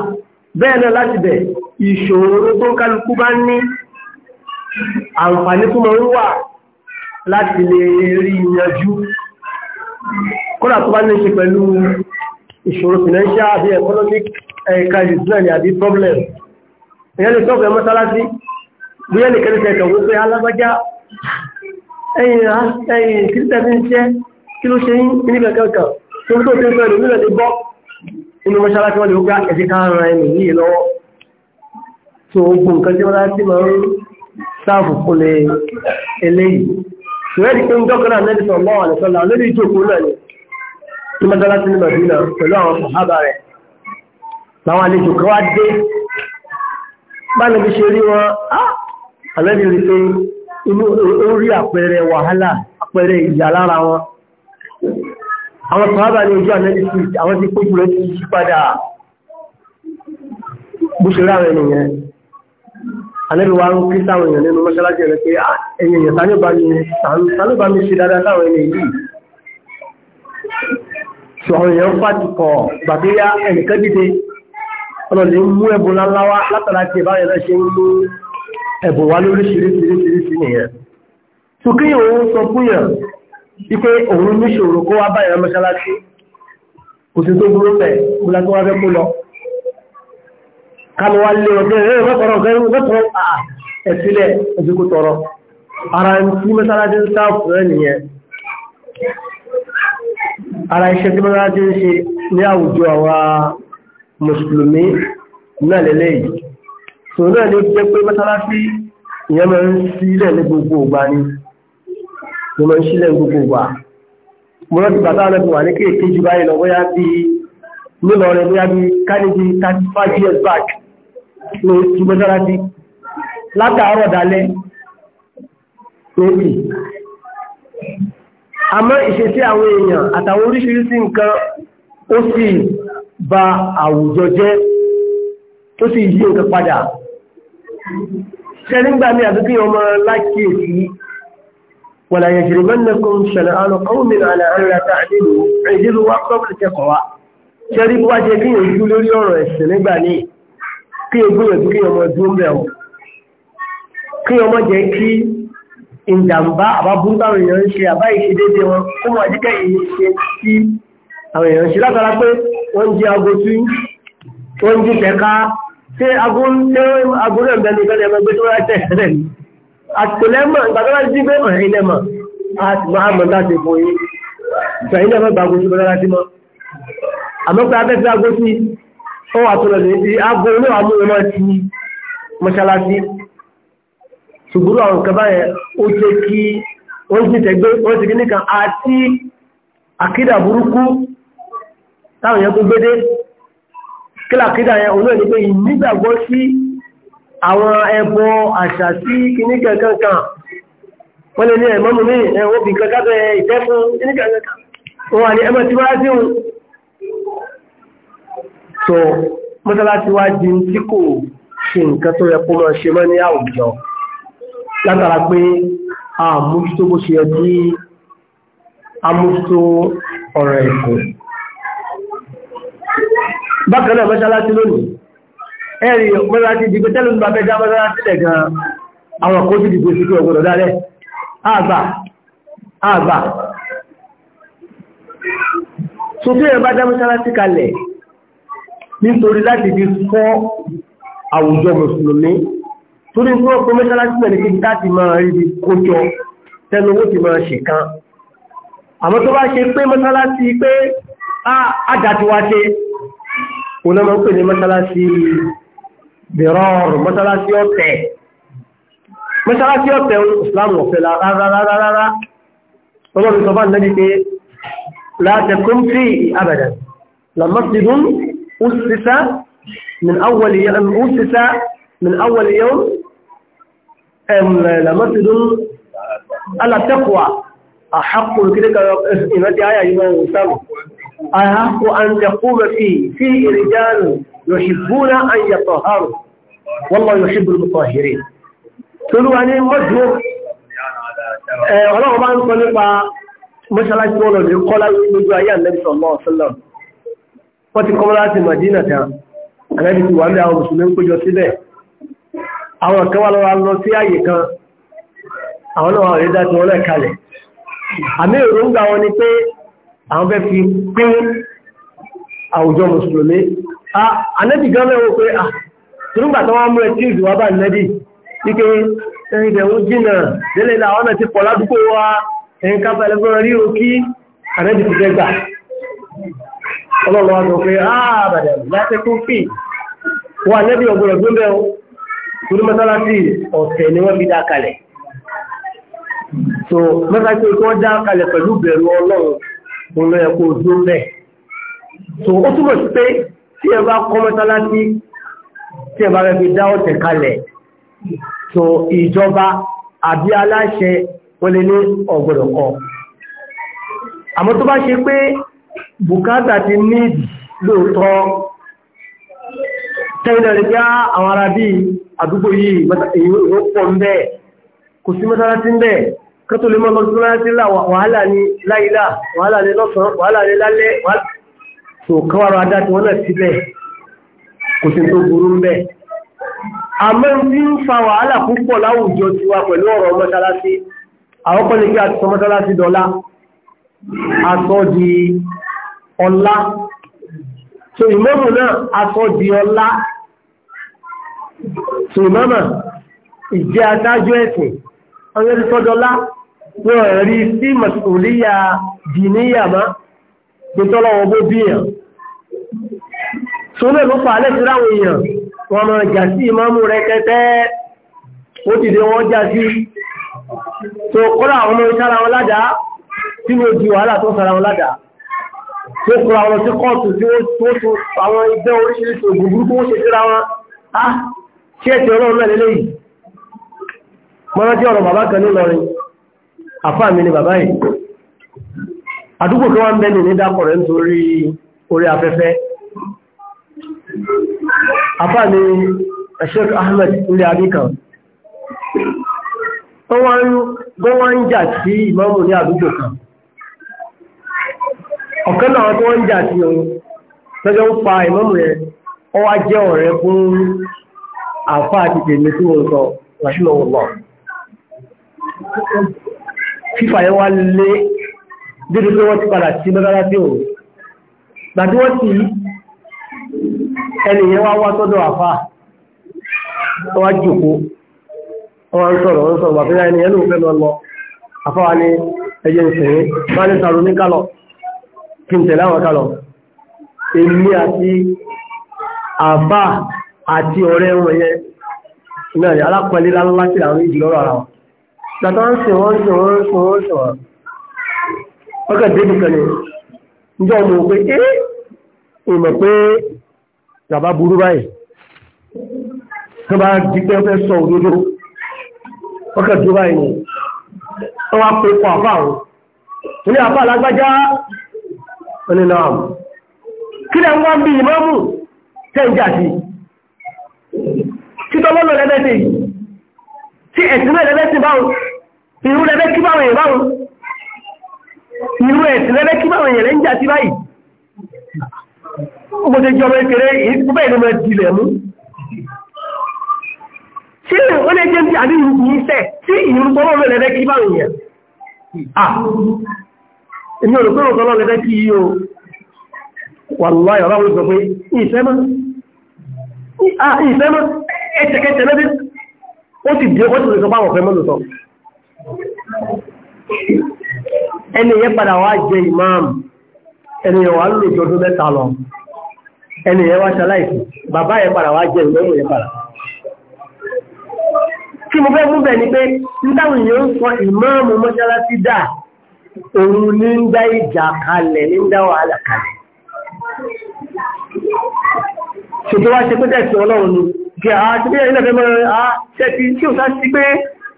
bẹ́ẹ̀ náà láti bẹ̀ ìṣòro tó kálukú bá ní àǹfààní tó mọ̀ ń wà láti lè rí yanjú kódà tó bá ní ṣe pẹ̀lú ìṣòro financial àbí economic eh, crisis náà ni àbí problem èyàn lè tọ́pẹ̀ mọ́sálásí bí yẹ́ nìkan tẹ̀kọ̀ wípé alágbájá ẹ̀yìn kìrìtẹ̀ fi ń ṣẹ́ kí ló ṣe yí níbẹ̀ kankan tó tó ti ń sọ ìlú nílẹ̀ ti bọ́ inú mọ́sálásí wọ́n lè wípé ẹ̀jẹ̀ ká ran ẹni yìí lọ́wọ́ tó gbogbo nǹkan tí wọ́n láti máa ń sáàfù fún eléyìí ìrẹ́dì pé ń dọ́kọ̀ náà nẹ́bí sọ̀rọ̀ mọ́ àlẹ́sọ̀lá lórí ìjókòó náà ni tí mọ́sálásí ní Mẹ̀dínà pẹ̀lú àwọn sọ̀hábà rẹ̀ láwọn àlejò kan wá dé báyìí bí ṣe rí wọn àlẹ́bí rí pé inú orí àpẹẹrẹ wàhálà àpẹẹrẹ ìyà lára wọn àwọn sọ̀hábà ní ojú àlẹ́bí sí àwọn tí kójú rẹ̀ ti yí padà bó ṣe ráwẹ̀ nìyẹn àlẹ́bí wa ń kí sáwọn èèyàn nínú mọ́sálásí rẹ̀ pé ẹ̀yìn èèyàn tánúbà mi ṣe dáadáa sáwọn ènìyàn yìí ṣọ̀rọ̀ èèyàn fàájú kọ̀ gbàgbé yá ẹnìkan dìde ọlọ́lẹ̀ mú ẹ̀bùn láláwá látara ti ìbára ẹ̀rẹ́ ṣe ń mú ẹ̀bùn wá lóríṣiríṣiríṣiríṣi nìyẹn tó kí òun sọ fún yàn wípé òun níṣòro kó wá bá ìran mọ́ṣáláṣí kò sí tó burú pẹ̀ kó látó wá fẹ́ kó lọ ara iṣẹ́ tí mọ́lá tí ń ṣe ní àwùjọ àwa mùsùlùmí náà lẹ́lẹ́ yìí tó náà ní jẹ́ pé mọ́sálásí ìyẹn máa ń sílẹ̀ ní gbogbo ìgbà ni mo máa ń sílẹ̀ ní gbogbo ìgbà five years back ní ti mọ́sálásí látàárọ̀ dalẹ́ àmọ́ ìṣesí àwọn èèyàn àtàwọn oríṣiríṣi nǹkan ó sì ba àwùjọ jẹ́ tó sì yí nǹkan padà ṣe nígbà ní àti ọmọ lákìí ولا يجرمنكم على أن لا تعدلوا اعدلوا أقرب للتقوى ṣẹ́rí bó wá jẹ́ kí èyí lórí ọ̀rọ̀ ẹ̀sìn nígbà ní kí egbóyèdú kí ọmọ ẹ̀dún kí ìjàmbá àbábúrú táwọn èèyàn ń ṣe àbá ìṣedédé wọn kó mọ̀ jíkẹ́ ìyí ṣe tí àwọn èèyàn ṣe látara pé wọ́n jí aago tí wọ́n jí tẹ̀ka ṣé aago náà bẹ́ẹ̀ nìkan ẹ̀mọ́ gbé tó rà tẹ̀ rẹ̀ ni àtìlẹ́mọ̀ ìgbàgbọ́n jí pé ọ̀rẹ́ ilẹ̀ mọ̀ àti máa mọ̀ láti fún yín ìgbà ilẹ̀ mọ̀ gbàgbó sí bọ́lá sí mọ́ àmọ́ pé abẹ́fẹ́ aago sí ó wà tó lọ sí aago náà mú wọn ti mọ́ṣáláṣí ṣùgbọ́n àwọn kẹfà yẹn ó jẹ́ kí ó jí tẹgbẹ́ ó ti gíní kan àti àkídà burúkú táwọn yẹn tó gbédé kílà àkídà yẹn òun náà ní pé ìnígbàgbọ́ sí àwọn ẹbọ àṣà sí kíní kankan wọ́n lè ní ẹ̀mọ́mù mí ẹ̀wọ́ bí kankan bẹ ìtẹ́fún kíní kankan wọ́n wà ní látara pé àmójútó bó ṣe yẹ kí àmójútó ọ̀rọ̀ ẹ̀kọ́ bákan náà mọ́ṣáláṣí lónìí ẹ̀rì mọ́ṣáláṣí dìgbé tẹ́lú ní bàbẹ́ dá mọ́ṣáláṣí lẹ̀ gan àwọn kó sì dìgbé sí pé ọgbọ̀dọ̀ dálẹ̀ àgbà àgbà tó tí ẹ̀bá dá mọ́ṣáláṣí kalẹ̀ nítorí láti fi fọ́ àwùjọ mùsùlùmí torí fún ọkọ̀ mẹ́sàlájú mẹ́rin kí káàkiri máa rí bí kójọ tẹnu owó ti máa ṣìkan àmọ́ tó bá ṣe pé mẹ́sàlájú pé àdàtíwá ṣe kò náà máa ń pè ní mẹ́sàlájú bẹ̀rọ̀rùn mẹ́sàlájú ọ̀tẹ̀ mẹ́sàlájú ọ̀tẹ̀ islam ọ̀fẹ́ rárárárá ọlọ́run sọ fún àdínábí pé látẹkùn sí abadan lamasjidun usisa min awwal yawm usisa min awwal yawm lamasirun alatakwa a haƙƙo kiri ka ina ti aya yi ma wusan a haƙƙo an taƙuba fi fi irijalu yoshibbuna an yataharu wallahu yoshibbul mutahhirin tolúwa ní mọ́jú ọlọ́run bá ń sọ nípa mọ́ṣálásí wọn lọ́dún kọ́lá lójú ayé àlẹ́bìsọ̀ lọ́wọ́ sọ́lọ́ wọ́n ti kọ́mọ́ láti Madina tán àlẹ́bìsọ̀ wà ní àwọn mùsùlùmí ń péjọ síbẹ̀ àwọn kan wá lọ́wọ́ lọ sí àyè kan àwọn náà rí dájú wọn lẹ́kalẹ̀ àmì èròǹgbà wọn ni pé àwọn fẹ́ fi pín àwùjọ mùsùlùmí anẹ́bì gan mẹ́wọ́ pé à tìrúgbà tó wọ́n mú ẹ tíìzì wá bá nẹ́bì wípé ẹni ìdẹ̀ ń jìnà délé làwọn náà ti pọ̀ ládùúgbò wa ẹni ká pẹ̀lẹ́ fún rí òkí anẹ́bì ti fẹ́ gbà ọlọ́run wa sọ pé ààbàdàn ọgbọ̀rọ̀ gbé torí mọ́sálásí ọ̀tẹ̀ ni wọ́n fi dá kalẹ̀ so mọ́sálásí tí wọ́n dá kalẹ̀ pẹ̀lú bẹ̀rù ọlọ́run òun ló yẹ kó dó bẹ́ẹ̀ so ó túbọ̀ sí pé tí ẹ bá kọ́ mọ́sálásí tí ẹ bá rẹ̀ fi dá ọ̀tẹ̀ kalẹ̀ so ìjọba àbí aláṣẹ wọ́n lè ní ọ̀gbọ̀dọ̀ kọ́ àmọ́ tó bá ṣe pé bùkátà ti ní lóòótọ́ tẹ́lẹ̀ rẹ̀ bí ah, àwọn ará bíi àdúgbò yìí èyí pọ̀ ń bẹ́ẹ̀ kò sí mọ́sálásí ń bẹ́ẹ̀ kẹ́tò lè mọ́ lọ sí mọ́sálásí wàhálà ní láìlá wàhálà ní lọ́sàn-án wàhálà ní lálẹ́ tó káwàrọ̀ adá tí wọ́n náà síbẹ̀ kò sí tó burú ń bẹ́ẹ̀ àmọ́ tí ń fa wàhálà púpọ̀ láwùjọ ti wa pẹ̀lú ọ̀rọ̀ mọ́sálásí àwọn kọ́ kí a sọ mọ́sálásí dọ́lá a di ọlá so ìmọ̀mù náà a sọ di ọlá sùmọ́mà ìjẹ́ adájọ́ ẹ̀sìn ọjọ́ tọ́dọ́lá wọ́n rí sí mọ̀sùlíyà dìníyàmá nítọ́lọ́wọ́ bó bíyàn sólè ló fà lẹ́sí ráwọn èèyàn wọn mọ̀ jà sí ìmọ́mù rẹ kẹtẹ́ ó ti dé wọ́n já sí tó kọ́lá àwọn ọmọ iṣẹ́ ara wọn ládàá tí mo ju wàhálà tó sara wọn ládàá tó kọ́lá wọn sí kóòtù tí ó tó àwọn ẹgbẹ́ oríṣiríṣi ògùn burúkú ó ṣe síra wọn ah! ṣé ọrụ ọlọ́run náà lélẹ́yìí mọ́ra jẹ́ ọ̀rọ̀ bàbá kan lọrin àfáà mi ni bàbá yìí àdúgbò kí wọ́n ń bẹ́ni ní dákọ̀rẹ́ nítorí orí afẹ́fẹ́ àfáà ni Sheikh Ahmed ilé adékan wọ́n ń jà sí ìmáàmù ní àdúgbò kan ọ̀kan náà tó ń jà sí òun lọ́jọ́ ń àfá àti tèmi tí wọ́n sọ ràṣílọ́wọ́lọ́ fífà yẹn wá lé dédé pé wọ́n ti padà sí mẹ́rẹ́lá tí òun gbàdí wọ́n ti ẹni yẹn wá wá tọ́dọ̀ àfá wá jòkó wọ́n sọ̀rọ̀ wọ́n sọ̀rọ̀ wàfíà ẹni yẹn ló fẹ́ lọ lọ àfá àti ọ̀rẹ́ wọn yẹn náà ni alápọ̀lẹ́ lálọ́lá sí àwọn ìjì ara wọn tàbí wọ́n sì wọ́n sì wọ́n sì wọ́n sì wọ́n ọkọ̀ débi kan ni níjọ́ mo pé é ìmọ̀ pé bàbá burú báyìí tó bá di pé fẹ́ sọ òdodo ọkọ̀ tó báyìí ni wọ́n wá pé kọ àbá àwọn ní àbá alágbájá onílàmù kí lẹ́ ń wá bí ìmọ̀mù tẹ́ ń jà sí i lọ́lọ́ lẹ́bẹ̀ẹ́sì tí ẹ̀sìnmẹ́ lẹ́bẹ̀ẹ́sì báwọn irú lẹ́bẹ́ kí báwọn èèyàn báwọn irú ẹ̀sìn lẹ́bẹ́ kí báwọn èèyàn lẹ́ ń jà sí báyìí mo ti jọmọ ìkèrè ìpúpẹ́ ìlú mẹ́ dilẹ̀ mú tí ó lè jẹ́ bí àbí ìṣẹ́ tí ìrú tọ́lọ́ lẹ́bẹ́ kí báwọn èèyàn ah èmi ò rò pé òtọ́lọ́ lẹ́bẹ́ kí yí o wà lọ́yọ̀ báwọn sọ pé ìfẹ́ mọ́ ẹ̀tẹ̀kẹ́tẹ̀ lóbi ó ti di ó ti lè sọ báwọn fẹ́ mọ́lù sọ ẹni yẹn padà wá jẹ imam ẹni yẹn wà lò jọ ọdún mẹ́ta lọ ẹni yẹn wá ṣaláìsì bàbá yẹn padà wá jẹ ìmọ̀ yẹn padà kí mo fẹ́ mú bẹ̀ ni pé nítawọn èèyàn ń sọ ìmáàmù mọ́ṣáláṣí dà òun ní ń dá ìjà kalẹ̀ ní ń dá wàhálà kalẹ̀ ṣètò wá ṣe pé tẹ̀sí ọlọ́run ni kí a ti bí ẹ̀lẹ́fẹ́ a tẹ́tí tí ó sáà sí pé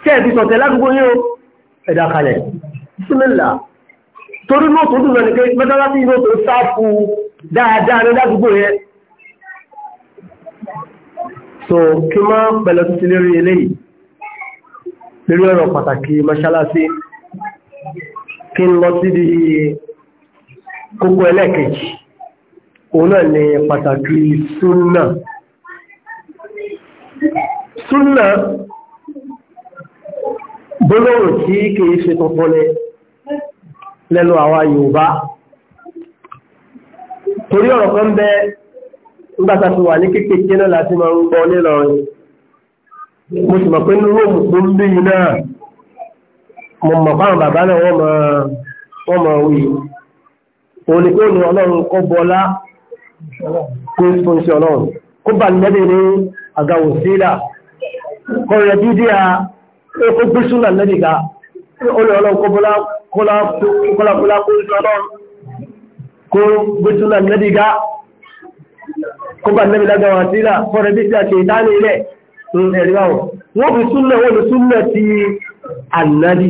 tẹ́ẹ̀bí sọ̀tẹ̀ lágbogbo yóò ẹ̀dà kalẹ̀ símìlà torí mọ́ tó dùn lọ́nà mẹ́ta láti inú tó sáàfù dáadáa ní lágbogbo yẹn so kí mọ́ pẹ̀lẹ̀ tó ti lérí eléyìí lérí ọ̀rọ̀ pàtàkì mọ́ṣáláṣí kí n lọ sí kókó ẹlẹ́ẹ̀kejì òun náà ni pàtàkì súnnà súnà gbólóhùn tí kìí ṣe tuntun ni lẹ́nu àwa Yorùbá torí ọ̀rọ̀ kan bẹ nígbàtà tó wà ní kékeré náà láti máa ń gbọ́ nílọrin mo sì mọ̀ pé ní róòmù tó ń bí yìí náà mo mọ̀ fáwọn bàbá náà wọ́n máa wọ́n máa wí òun ni kó ní ọlọ́run kọ́ bọ́lá kó ń sọ ìṣẹ́ ọlọ́run kó bá nílẹ́dẹ̀ ní àgàwòsílà kọ̀rọ̀ dídí a ẹkọ́ gbé súnà lẹ́nìká olóòlò kọlákọlá kó sọ́lọ́ kó gbé súnà lẹ́nìká kó bá lẹ́bí lágbàwà sílá kọ̀rọ̀ dídí a ṣe ìdáni ilẹ̀ ẹ̀ríwáwọ̀ wọ́n fi súnà wọ́n fi súnà ti ànádì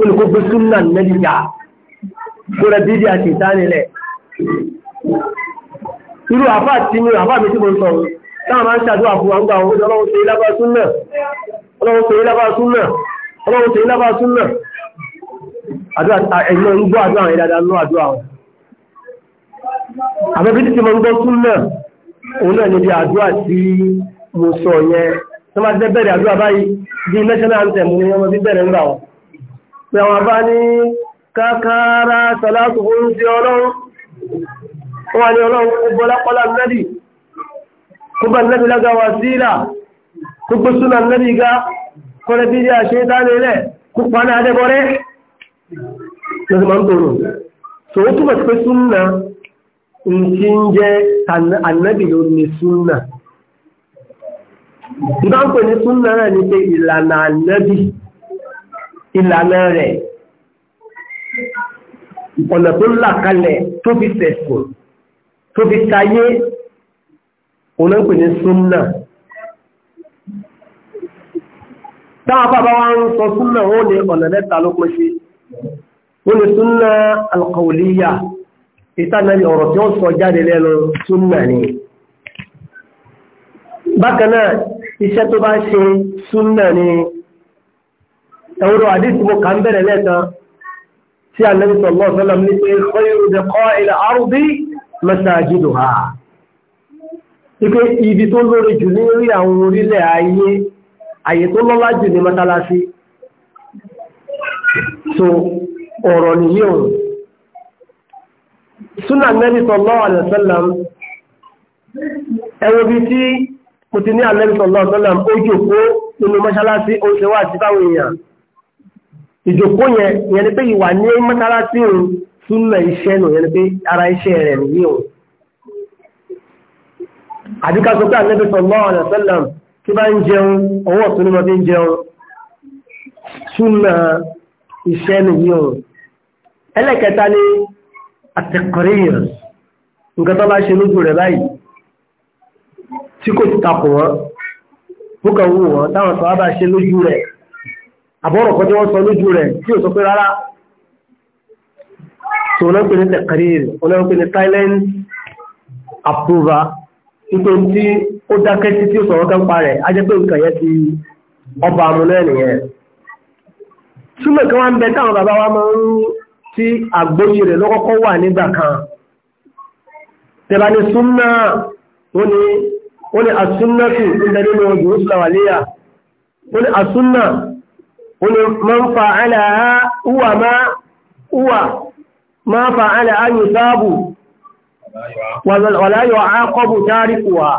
olùkó gbé súnà lẹ́nìká kọ̀rọ̀ dídí a ṣe ìdáni ilẹ̀ irú àfáà tí mi àfáà mi tí mo ń sọ̀rọ̀ táwọn máa ń ṣàdúrà fún àwọn àwọn ọlọ́run ṣe lábá súnà ọlọ́run ṣe lábá súnà ọlọ́run ṣe lábá súnà ẹ̀gbọ́n ń gbọ́ àdúrà rẹ̀ dáadáa lọ àdúrà wọn àbẹ́bí tí mo ń gbọ́ súnà òun náà níbi àdúrà tí mo sọ yẹn tó máa bẹ̀rẹ̀ àdúrà báyìí bí national anthem ni wọ́n fi bẹ̀rẹ̀ ńgbà wọn pé àwọn abá ní kákàrà sàlátù oúnjẹ ọlọ́run wọ́n wà ní ọlọ́run ó bọ́lá pọ́lá mẹ́rin kuma annabi na ga wasila ku bi suna annabi ga kọ́lẹ̀ bí i àṣẹ ìdáni ilẹ̀ kú paná so ó túnbọ̀ sí pé súnnà ń tí ń jẹ́ ànábì ló ní súnnà ìbá ń pè ní súnnà rẹ̀ ní pé ìlànà ànábì ìlànà rẹ̀ ọ̀nà tó là kalẹ̀ tó fi sẹ̀sùn tó fi sayé onápè ní súnnà táwọn bàbá wa ń sọ súnnà wọ́n ní ọ̀nà mẹ́ta ló pín sí wọ́n ní súnnà alkauliya ìtànàbí ọ̀rọ̀ tí ó sọ jáde lẹ́nu súnnà ni bákanáà iṣẹ́ tó bá ṣe súnnà ni ẹwọ́rọ̀ àdísì mo kà ń bẹ̀rẹ̀ lẹ́tàn tí a lẹ́bí sọ̀lọ́ sọ́lọ́ ní pé khayru biqa'il ardi masajiduha wípé ibi tó lórí jù ní orí àwọn orílẹ̀ ayé ayé tó lọ́lá jù ní mọ́sálásí so ọ̀rọ̀ nìyí òun súnà Ànábì sallallahu alaihi wasallam ẹwọ bí tí mo ti ní Ànábì sallallahu alaihi wasallam ó jòkó nínú mọ́sálásí ó ṣe wá sí báwọn èèyàn ìjòkó yẹn yẹn ni pé ìwà ní mọ́sálásí òun súnà iṣẹ́ ni pé àbíká sọ pé ànábì sallallahu alaihi wasallam tí bá ń jẹun ọwọ́ ọ̀tún ni mo fi ń jẹun súnà iṣẹ́ nìyí o ẹlẹ́kẹta ni àtẹkọ̀rẹ́yìn nǹkan tó bá ṣe lójú rẹ̀ báyìí tí kò ti takò wọ́n bókà wù wọ́n táwọn sọ bá ṣe lójú rẹ̀ àbọ̀rọ̀ kan tí wọ́n sọ lójú rẹ̀ tí ò sọ pé rárá tòun náà pè ní tẹkọ̀rẹ́yìn òun náà pè ní silent approval títò tí ó dákẹ́ tí tí ó sọ̀rọ̀ kan pa rẹ̀ á ya ti ọba àmú náà súnmọ̀ kan wá ń bẹ táwọn bàbá ń tí àgbóyè rẹ̀ lọ́kọ́kọ́ wà nígbà kan súnmọ̀ ní uwa ma wàlá yọ àákọ́bù táríkù wa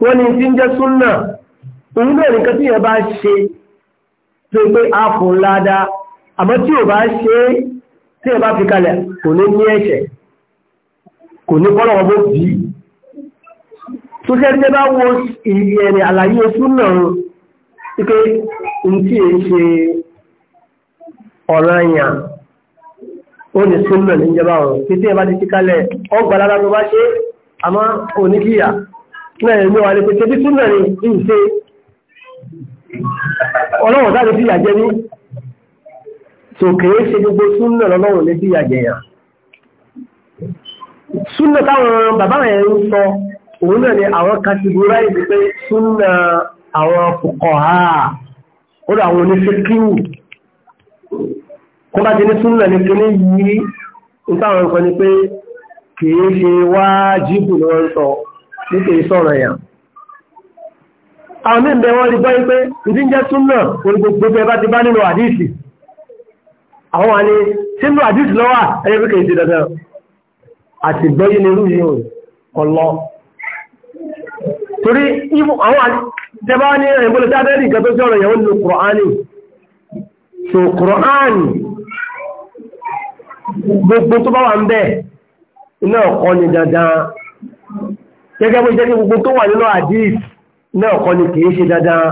wọ́n ni tí ń jẹ́ súnnà òun náà nìkan tí yẹn bá ṣe tó pé a fún ládá àmọ́ tí ò bá ṣe tí yẹn bá fi kalẹ̀ kò ní ní ẹ̀ṣẹ̀ kò ní kọ́lọ̀ ó ní súnmọ̀ ní ìjọba ọ̀rọ̀ tí tí ẹ bá ti ti kalẹ̀ ọgbà lára tó bá ṣe àmọ́ oníkìyà náà ẹ̀mí wa lè pèsè bí súnmọ̀ ní ìṣe ọlọ́wọ̀n sáré fìyà jẹ ní tòkèé ṣe gbogbo súnmọ̀ lọ́wọ́n lè fìyà jẹyàn súnmọ̀ táwọn bàbá ni àwọn categorize pé súnmọ̀ àwọn fòkọ̀há ó dà àwọn oníṣẹ́kíwù kó bá ti ní súnlẹ̀ ní kíní yìí ń táwọn nǹkan ni pé kìí ṣe wájíbù ni wọ́n ń sọ ní kìí sọ̀rọ̀ yàn àwọn míì bẹ wọ́n rí gbọ́ pé ìdí ń jẹ́ súnlẹ̀ orí gbogbo ẹ bá ti bá nínú àdíìsì àwọn wà ní sínú àdíìsì lọ́wọ́ ẹni pé kìí ṣe dandan àti gbọ́yé ní irú yìí ọlọ́ torí àwọn tẹ́bá ní ẹ̀yìnbó so Kùránì gbogbo tó bá wà ń bẹ̀ iná ọ̀kọ́ ni dandan gẹ́gẹ́ bó jẹ́ kí gbogbo tó wà nínú hadith iná ọ̀kọ́ ni kìí ṣe dandan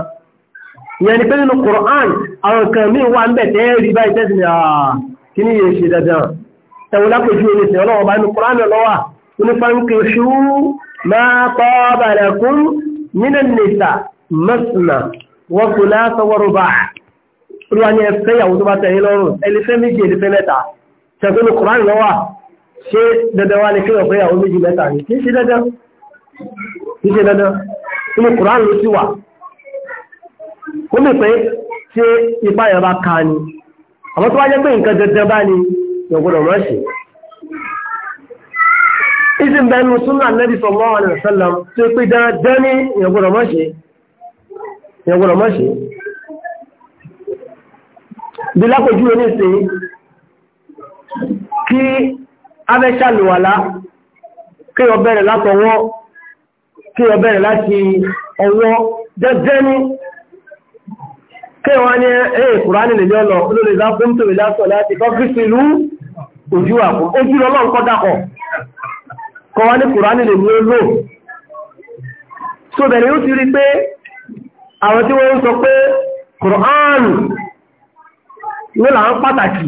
ìyẹn ni pé nínú Qur'an àwọn nǹkan míì wà ń bẹ̀ tẹ́ rí báyìí tẹ́sí ni kí ni yìí ṣe dandan ẹ̀wọ̀n lápẹ̀jú omi sìn ọlọ́wọ́ bá nínú Qur'an lọ́wọ́ onífàǹkì ṣú máa tọ́ bàlẹ̀kún nínú nìta mọ́sùnà wọ́n kò láṣọ wọ́rọ̀ olúwa ni ẹ fẹ́ ìyàwó tó bá tẹ̀yìn lọ́rùn ẹ lè fẹ́ méjì ẹ lè fẹ́ mẹ́ta tẹ̀sán ní kùránì lọ́wà ṣé dandan wá ní kéèyàn fẹ́yàwó méjì mẹ́ta ní kí ṣe dandan kí ṣe dandan inú kùránì ló sì wà ó lè pé ṣé ipá yẹn bá ka ni àmọ́ tó wá jẹ́ pé nǹkan dandan bá ni ìyọ̀gbọ́dọ̀ mọ́ ṣe ìsìn súnà nẹ́bí sallallahu tí abẹ́ṣàlùwàlá kí ó bẹ̀rẹ̀ látọwọ́ kí ó bẹ̀rẹ̀ láti ọwọ́ jẹ́jẹ́ ní kí wọ́n ní ẹ̀ẹ́ kùránì lè lọ́lọ́ olóòrè záfún tó ìlàsọ̀ láti kọ́kísì ìlú ojú àpò ojú ọlọ́run kọ́ dákọ̀ kọ́ wọ́n ní kùránì lè lọ́lọ́ so bẹ̀rẹ̀ ó ti rí pé àwọn tí wọ́n ń sọ pé kùránì ló làwọn pàtàkì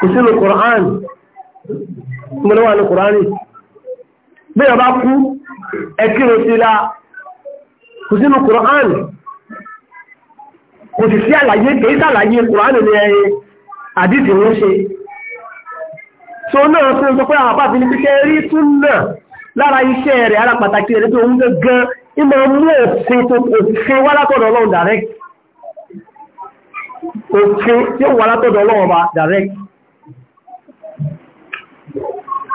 kò sínú Qur'an mọ́lẹ́ wà ní Qur'ani bí ọba kú ẹkírò sí la kò sínú Qur'an kò sì sí àlàyé kìí sàlàyé Qur'an ní ẹyẹ àdìsí wọ́n ṣe so náà tó ń sọ pé àwọn àpá àti ní pípẹ́ rí tún náà lára iṣẹ́ rẹ̀ ara pàtàkì rẹ̀ tó ń gẹ́gẹ́ ìmọ̀ mú òfin tó òfin wá látọ̀dọ̀ Ọlọ́run direct òfin tí ó wà látọ̀dọ̀ Ọlọ́run ọba direct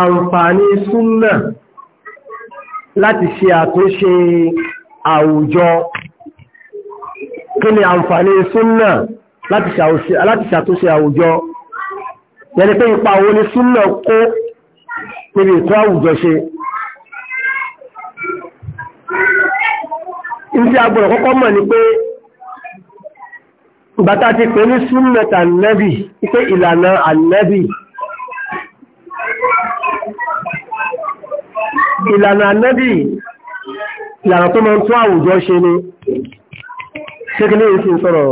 àǹfààní súnnà láti ṣe àtúnṣe àwùjọ kí ni àǹfààní súnnà láti ṣàtúnṣe àwùjọ yẹni pé ipa wo ni súnnà kó níbi ìtọ́ àwùjọ ṣe ìdí agbọ̀rọ̀ kọ́kọ́ mọ̀ ni pé bàtà ti pè ní súnnà tànẹ́bì pé ìlànà ànẹ́bì ìlànà ànábì ìlànà tó máa ń tún àwùjọ ṣe ni ṣékílé yìí sì ń sọ̀rọ̀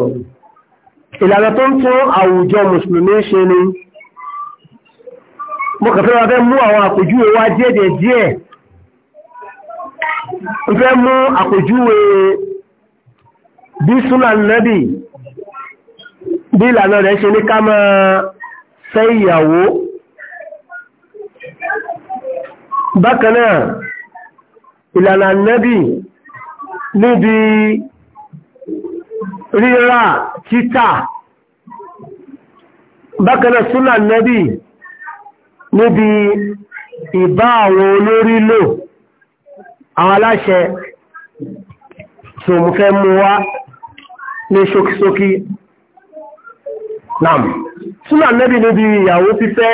ìlànà tó ń tún àwùjọ mùsùlùmí ṣe ni mo kàfẹ́ wa fẹ́ mú àwọn àpèjúwe wá díẹ̀díẹ̀ díẹ̀ mo fẹ́ mú àpèjúwe bí súnà nábì bí ìlànà rẹ̀ ṣe ní ká máa fẹ́ ìyàwó bákan náà ìlànà nẹ́bì níbi rírà títà bákan náà súnà nẹ́bì níbi ìbá àwọn olórí lò àwọn aláṣẹ tí mo fẹ́ mú wá ní ṣókíṣókí náà súnà nẹ́bì níbi ìyàwó fífẹ́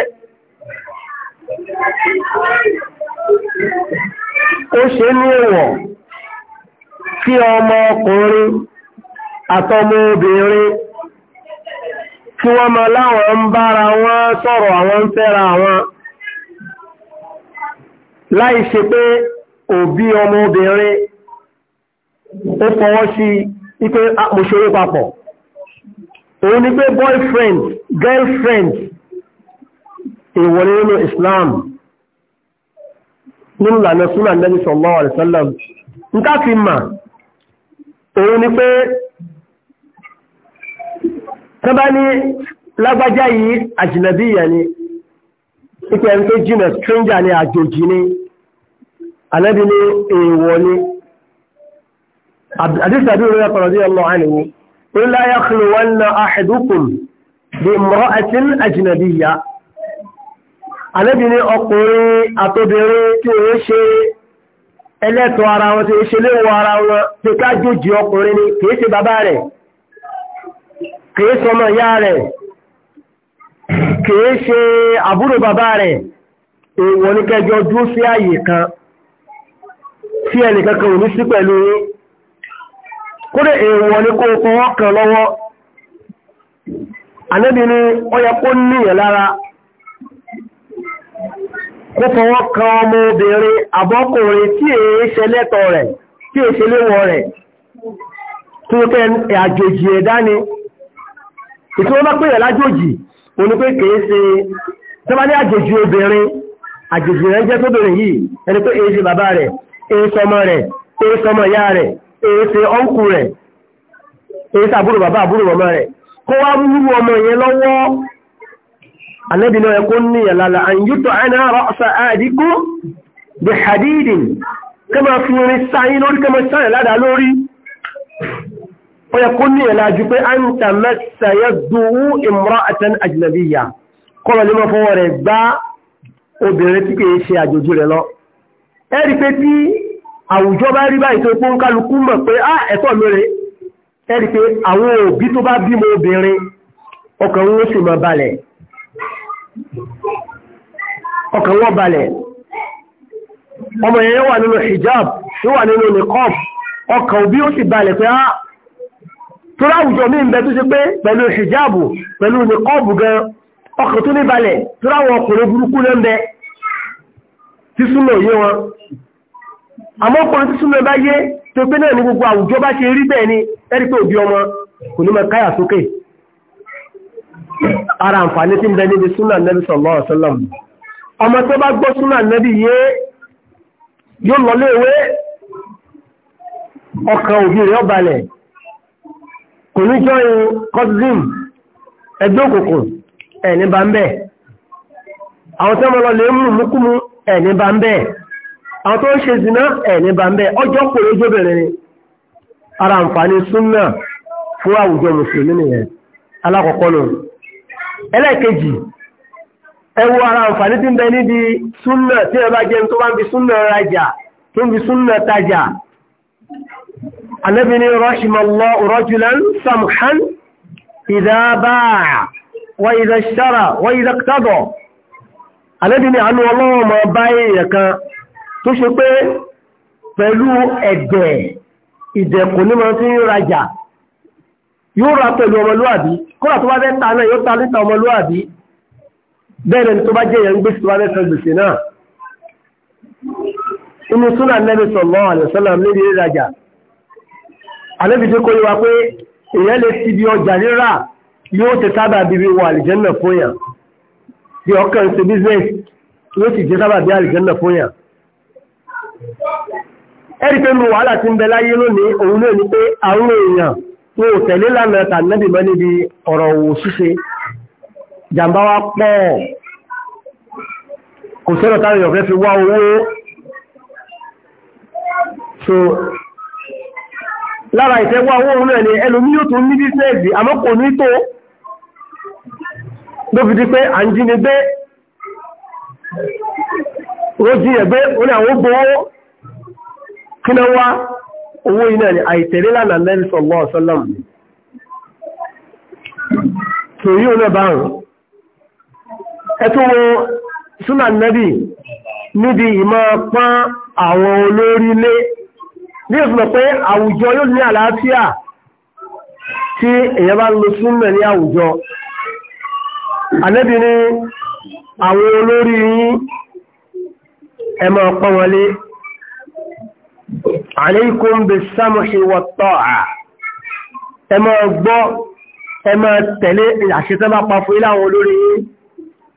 ó ṣe ní ẹ̀wọ̀ kí ọmọ ọkùnrin àtọmọ obìnrin kí wọ́n mọ láwọn ń bára wọn sọ̀rọ̀ àwọn ń fẹ́ra wọn láì ṣe pé òbí ọmọ obìnrin ó fọwọ́ sí wípé ah, mo ṣeré papọ̀ òun ni pé boyfriend girlfriend èèwọ̀ nínú Islam nínú ìlànà súnà nẹ́bí sallallahu alaihi wasallam nká fi mà òun ni pé tó bá ní lágbájá yìí àjìnàbí yẹn ni ipò ẹni tó jìnà stranger ni àjòjì ni ànábì ni èèwọ̀ ni àdìsí àbí òun rẹ̀ àlébì ní ọkùnrin àtòbìnrin tí ó ṣe ẹlẹ́tọ̀ ara wọn tí ó ṣe léwọ ara wọn tí ká jòjì ọkùnrin ni kìí ṣe bàbá rẹ̀ kìí sọmọ ìyá rẹ̀ kìí ṣe àbúrò bàbá rẹ̀ èèwọ̀ ní kẹjọ dúró sí ààyè kan tí ẹnìkan kan ò ní sí pẹ̀lú yín kódé èèwọ̀ ní kó fọwọ́ kan lọ́wọ́ àlébì ní ó kó níyàn lára kó fọwọ́ kan ọmọ obìnrin àbọ́kùnrin tí èé ṣe lẹ́tọ̀ rẹ̀ tí èé ṣe léwọ̀ rẹ̀ tó tẹ́ àjòjì ẹ̀dá ni ìtí wọ́n bá pè yẹ̀ lájòjì òní pé kìí ṣe tó bá ní àjòjì obìnrin àjòjì rẹ̀ jẹ́ tóbìnrin yìí ẹni pé èé ṣe Ànábì náà ẹkún ní ẹ̀lálà àyíkò àìná rọ́ọ̀sà àdíkú bí hadidin kẹma fi orin sáyín lórí kẹma sáyẹ̀ ládà lórí ó yẹkún ní ẹ̀lá jù pé an ta mẹ́sà yẹ dúwú ìmọ̀rọ̀ àtẹn àjìnàbíyà kọ́lọ̀ ní mọ́ fọwọ́ rẹ̀ gbá obìnrin tí kìí ṣe àjòjì rẹ̀ lọ ẹ̀rí pé tí àwùjọ bá rí báyìí tó kó ń kálukú mọ̀ pé á ah, ẹ̀tọ́ lóore ẹ̀rí pé àwọn òbí tó bá bímọ obìnrin ọkàn wọn sì mọ balẹ̀ ọkàn wọ́n balẹ̀ ọmọ yẹn wà nínú hijab tó wà nínú niqab ọkàn òbí ó sì balẹ̀ pé á ah! tó ráwùjọ mí ń bẹ tó ṣe pé pẹ̀lú hijab pẹ̀lú ọkàn tó ní balẹ̀ tó ráwọ ọkùnrin burúkú lẹ́ ní ni ara àǹfààní tí ń bẹ níbi súnà nẹ́bí sallallahu ọmọ tó bá gbọ́ súnà nẹ́bí yé yóò lọ léèwé ọkàn òbí rẹ̀ ọbalẹ̀ kò ní jọyìn kọ́sìm ẹgbẹ́ òkùnkùn ẹni bá ń bẹ̀ àwọn tó lè mú bá ń bẹ̀ àwọn tó ń ṣe zina bá ń ẹlẹ́ẹ̀kejì ẹ wo ara àǹfààní tí ń bẹ níbi súnà tí ẹ bá jẹ́ tó bá ń fi súnà rajà tó ń fi súnà tajà Ànábì ní rahimallahu rajulan samhan idha ba'a wa idha ishtara wa idha tí ń rajà yóò ra pẹ̀lú ọmọlúwàbí kódà tó bá fẹ́ ta náà yóò ta níta ọmọlúwàbí bẹ́ẹ̀ ni tó bá jẹ́ ìyẹn gbèsè tó bá fẹ́ san gbèsè náà inú súnà nẹ́bí sallallahu alaihi wasallam níbi ìrajà àlẹ́bí tó kóyí wa pé èèyàn lè ti di ọjà rírà yóò ti sábà bíbí wọ àlìjẹ́nà fún yàn bí ọkàn ń ṣe bísíǹsì yóò ti jẹ́ sábà bí àlìjẹ́nà fún yàn ẹ̀rí pé mo wàhálà ti ń bẹ láyé lónìí òun náà ni pé àwọn èèyàn wọn ò tẹ̀lé lánàá tàbí mọ́ níbi ọ̀rọ̀ òwò ṣíṣe jàmbá wa pọ̀ kò sọ́rọ̀ táwọn èèyàn fẹ́ fi wá owó so lára ìfẹ́ wá owó orí ẹni ẹlòmí yóò tún ní bísẹ́ẹ̀sì àmọ́ kò ní tó ló fi di pé à ń jíni gbé ó jíyẹ̀ gbé ó ní àwọn gbowó kí owó iná ni àìtẹ̀lé lánàá lẹ́yìn sọ̀lọ́ ọ̀sọ́lọ́m torí ọ̀nà báwọn ẹ̀tọ́ wọn súnà nẹ́bì níbi ìmọ̀ pán àwọn olórí lé ní ìfúnà pé àwùjọ yóò ní àlàáfíà tí èyàn bá lo súnmẹ̀ ní àwùjọ anẹ́bì ni àwọn olórí yín ẹ máa pán wọn alaykum bis-sam'i wat-ta'a ẹ máa gbọ́ ẹ máa tẹ̀lé àṣetẹ́ bá pa fún ilé àwọn olórí yìí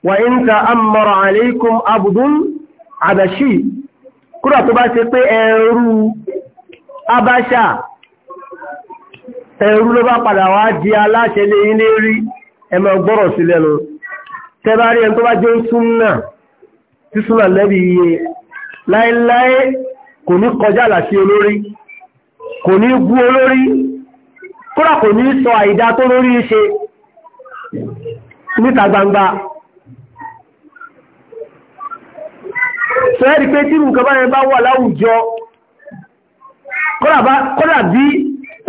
wa in ta'ammara alaykum abdun abashi kúrò tó bá ṣe pé ẹrú abáṣà ẹrú ló bá padà wá di aláṣẹ lè yí lérí ẹ máa gbọ́rọ̀ sí lẹ́nu tẹ́bárí ẹni tó bá jẹ́ súnnà tí súnnà lẹ́bi iye láíláí kò ní kọjá àlàsí olórí kò ní bú olórí kódà kò ní sọ àìdá tó lórí ṣe níta gbangba sọ́yẹ́dì pé tí nǹkan báyẹn bá wà láwùjọ kódà bí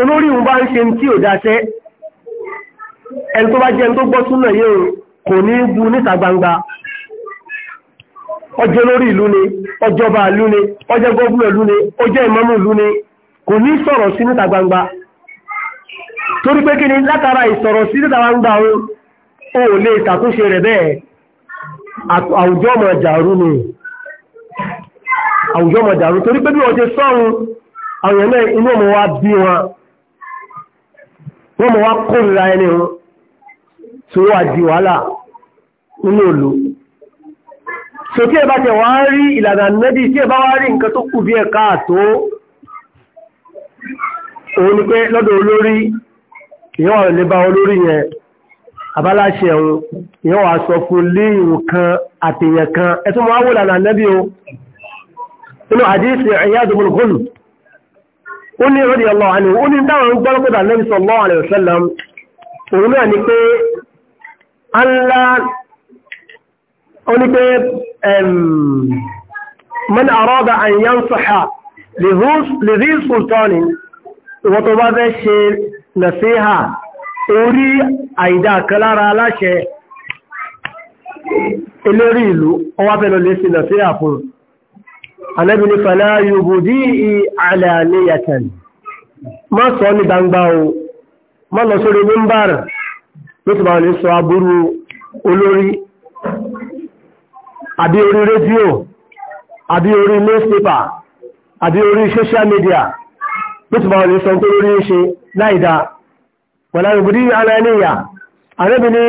olórí òun bá ń ṣe tí ò dáṣẹ́ ẹni tó bá jẹ́ tó gbọ́ túnlẹ̀ yóò kò ní bú níta gbangba ọjọ́ lórí ìlú ni ọjọba ìlú ni ọjẹ́ gọ́gùnà ìlú ni ọjẹ́ ìmọ́mù kò ní sọ̀rọ̀ sí níta gbangba torí pé kí ni látara ìsọ̀rọ̀ sí níta gbangba o lè ṣàtúnṣe rẹ̀ bẹ́ẹ̀ torí pé bí wọ́n sọ́run àwọn ẹ̀mẹ́ inú ọmọ wa bí wọn wọ́n mọ̀ wá so tí ẹ bá tẹ̀ wọ́n rí ìlànà nẹ́bí tí ẹ bá wá rí nǹkan tó kù bí ẹ káàtó òun ni pé lọ́dọ̀ olórí èyàn wà lè bá olórí yẹn abáláṣẹ ẹ̀hún èyàn wà sọ fún léèrò kan àtèyàn kan ẹ̀tún mọ́ wò lànà nẹ́bí o inú àdíṣe ẹ̀yà dùbùlùkùlù ó ní ìrọ̀dì ọlọ́ man arada an yansaha lèrí sultani ìwọ́n tó bá fẹ́ ṣe nàṣíhà orí àìdá kalára aláṣẹ eléré ìlú ọwá fẹ́ lọ lè ṣe nàṣíhà fún Ànábì ní fàlá yubudi alaniyatan má sọ ní gbangba o má lọ sórí mímbàrì ló ti bá lè sọ aburú olórí àbí orí rédíò àbí orí newspaper àbí orí social media bí tí wọ́n lè sọ tó lórí ṣe láìdá pẹ̀lú ìbúdí aláníyà àrẹ́bì ní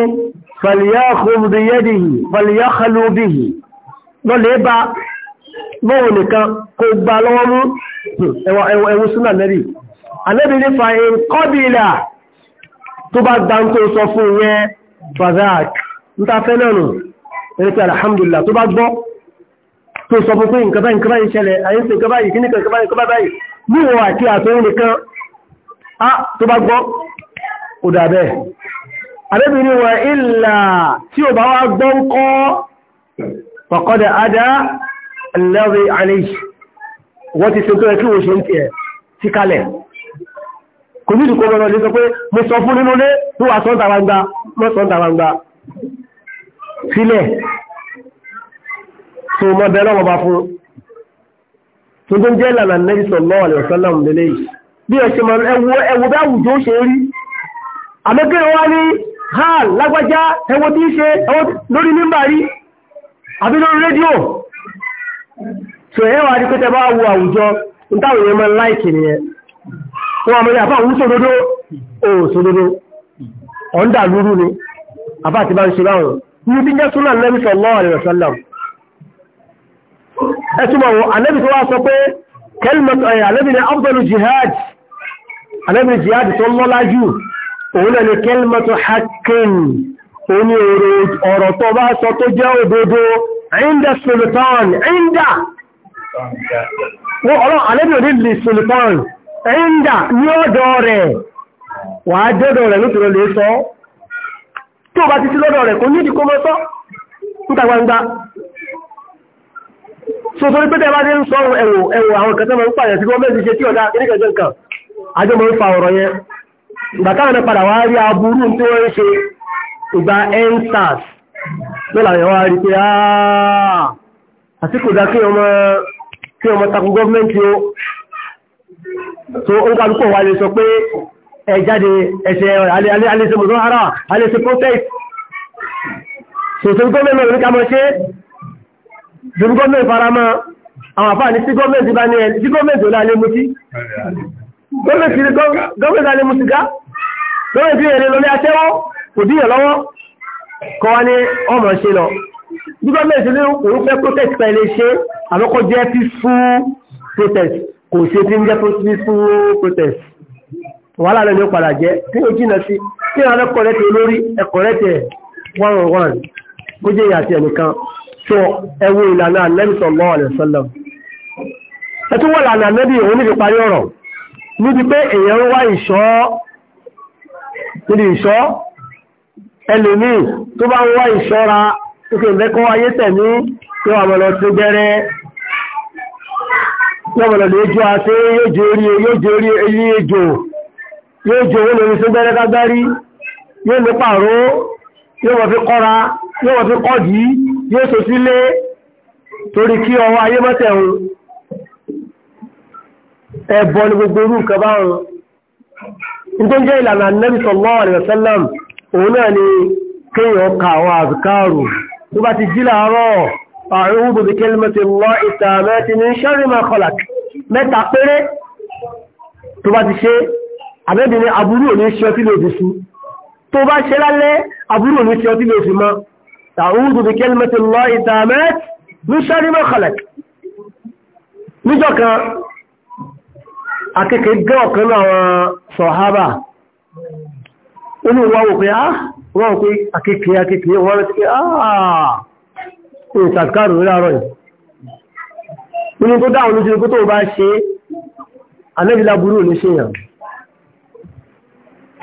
fàlìyàkọlùbìhì lọ́lẹ̀ bá lọ́wọ́ nìkan kò gbà lọ́wọ́ mú ẹwọ súnà lẹ́rì àrẹ́bì ní fàyín kọ́bìlà tó bá gbáǹkó sọ fún yẹn fàzák ń ta fẹ́ ẹni pé alhamdulillah tó bá gbọ́ tó sọ fún pé nǹkan báyìí nǹkan báyìí ṣẹlẹ̀ àyíṣe nǹkan báyìí kíníkà nǹkan báyìí nǹkan báyìí níwọ̀n àti àtúnyìn nìkan á tó bá gbọ́ ó dà bẹ́ẹ̀ àdébìnrin wọn ìlà tí ò bá wá gbọ́ ń kọ́ fọ̀kọ́dẹ̀ adá lẹ́rí àlejì wọ́n ti ṣe tó kí wọ́n ṣe ń tiẹ̀ sí kalẹ̀ kò ní ìdíkọ́ mọ́ sílẹ̀ tó mọ́ bẹ́ẹ̀ lọ́wọ́ bá fún tó tó ń jẹ́ ìlànà nẹ́bí sallallahu alaihi wasallam lélẹ́ yìí bí ẹ ṣe máa ẹwọ ẹwọ bá àwùjọ ṣe rí àmẹ́kẹ́ wá ní ha lágbájá ẹwọ tí ń ṣe ẹwọ lórí nígbà rí àbí lórí rédíò tó ẹ wà ní pé tẹ́bá wo àwùjọ ń táwọn èèyàn máa láìkì nìyẹn wọn àmọ́ àbá òun sódodo ò sódodo ọ̀ ń dà lúrú ni àbá àti bá ń ṣe báwọn níbi jẹ́ súnà Ànábì sallallahu alaihi wasallam ẹ̀tùmọ̀ Ànábì tó wá sọ pé kẹlmọ̀tọ̀ ẹ̀yà Ànábì ni afdalu jihad Ànábì jihad tó lọ́lá jù òun ẹni kẹlmọ̀tọ̀ haqqin òun ni ọ̀rọ̀ tó bá sọ tó jẹ́ òdodo inda sultan inda wọ́n ọ̀rọ̀ Ànábì òní lè sultan inda ní ọ̀dọ̀ tí ó bá ti sí lọ́dọ̀ rẹ̀ kò ní ìdíkó mọ́ sọ́ níta gbangba so torí pé tẹ́lá dé ń sọ ẹ̀wò ẹ̀wò àwọn kan tẹ́lá ń pààyàn sí gọ́ọ̀mẹ́ntì ṣe tí ọ̀dá oníkẹ̀jọ nǹkan àjọ mọ́ ń fa ọ̀rọ̀ yẹn ìgbà táwọn ẹ̀ padà wá rí aburú tí wọ́n ń ṣe ìgbà ensars lọ́la yẹn wá rí pé àsìkò dá kí ọmọ kí ọmọ takò gọ́ọ̀mẹ́ntì ó so ó ń kálukọ̀ wá lè sọ pé ẹ jáde ẹ̀ṣẹ̀ alẹ́sẹ̀ mọ̀sán ara alẹ́sẹ̀ protest ṣòṣò gómìnà ní kàmọ́ ṣe dùn gómìnà faramọ́ àwọn àfáà ní sí gómìnà bá ní ẹ̀ sí gómìnà olá alẹ́ mutí gómìnà alẹ́ mutíká gómìnà tí èrè lórí aṣẹ́wọ́ kò díyàn lọ́wọ́ kọ́ wá ní ọmọ ṣe lọ bí gómìnà sí ní òun fẹ́ protest pẹ̀lẹ́ ṣe àmọ́kọ́ jẹ́ peaceful protest kò ṣe tí ń jẹ́ peaceful protest wàhálà lẹ́nu padà jẹ́ tí ó jìnà sí tí àwọn ẹkọ̀rẹ́tẹ̀ olórí ẹkọ̀rẹ́tẹ̀ one on one bó jẹ́ ìyàtì ẹnìkan tó ẹwọ ìlànà anẹ́bí sallallahu alaihi wasallam ẹtú wọ́n lànà anẹ́bí òun níbi parí ọ̀rọ̀ níbi pé èèyàn ń wá ìṣọ́ níbi ìṣọ́ ẹlòmíì tó bá ń wá ìṣọ́ra tókè mẹ́kọ́ ayé tẹ̀mí tó wà mọ̀lọ́ tó gẹ́rẹ́ yọ̀mọ̀lọ́ lè jó àti yóò jó orí ejò yóò jẹ owó lórí sígbẹ́rẹ́ kágbárí yóò lè pààrọ̀ yóò wọ́n fi kọ́ra yóò wọ́n fi kọ́dí yóò so sílé torí kí ọwọ́ ayé mọ́tẹ̀hún ẹ̀bọ ni gbogbo irú nǹkan báwọn nítorí jẹ́ ìlànà Ànábì sallallahu alaihi wasallam òun náà ni kéèyàn ka àwọn àzùkárù tó bá ti jí làárọ̀ a'udhu bi àbẹ́bí ni aburú ò ní ṣe ọtí lè fi tó bá ṣe lálẹ́ aburú ò ní ṣe ọtí lè fi mọ́ tàúdù bí kẹ́lìmẹ́tì lọ ìtàmẹ́t ní ṣẹ́rìmọ́ kọlẹ̀k níjọ́ kan akẹ́kẹ́ gẹ́ ọ̀kan náà àwọn sọ̀hábà inú wọ́n wò pé á ah! wọ́n wò pé akẹ́kẹ́ akẹ́kẹ́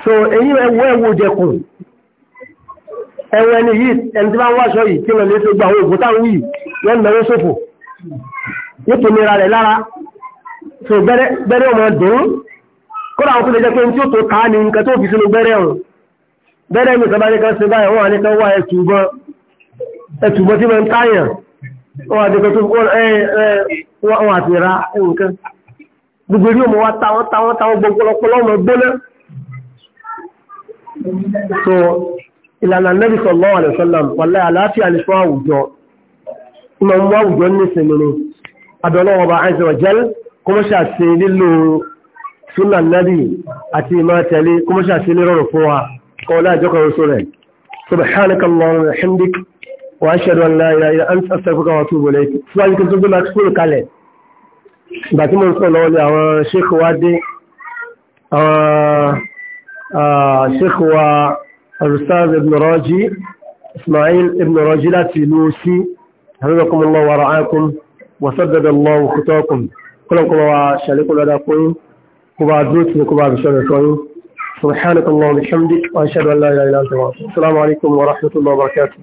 so èyí ẹwọ ẹwọ jẹkù ẹwọ ẹni yìí ẹni tí bá ń wáṣọ yìí kí lọ́lẹ́ tó gba àwọn ògùn táwọn yìí wọ́n lọ́wọ́ sófò nítorí rẹ̀ lára so bẹ́rẹ̀ ọmọ dùn kódà àwọn tó lè jẹ́ pé tí ó tó ká ní nǹkan tó fi sínú bẹ́rẹ̀ ọ̀hún bẹ́rẹ̀ mi kan bá wọ́n wà wọ́n ń wọ́n gbogbo ilé ọmọ so ìlànà Nabi sallallahu alaihi wasallam wàlẹ́ àlàáfíà ní fún àwùjọ ìmọ̀ ń wá àwùjọ ní ìsinmi ni adọ́lọ́wọ́ bá azza wa jal kọmọ́ṣà sí lílo súnà Nabi àti ìmọ̀ tẹ̀lé kọmọ́ṣà sí lérọ̀rọ̀ fún wa kọ́ọ̀lá ìjọkọ̀ rẹ̀ sọ́rẹ̀ subhanaka Allahumma wa hamdik wa ashhadu an la ilaha illa anta astaghfiruka wa atubu ilayk síwájú kí n tó gbé الشيخ آه، هو الأستاذ ابن راجي إسماعيل ابن راجلة في نوسي حفظكم الله ورعاكم وسدد الله خطاكم كلهم كلهم شاليكم لأداكم كبادوتكم كبادو شاليكم سبحانك الله وبحمدك وأشهد أن لا إله إلا أنت السلام عليكم ورحمة الله وبركاته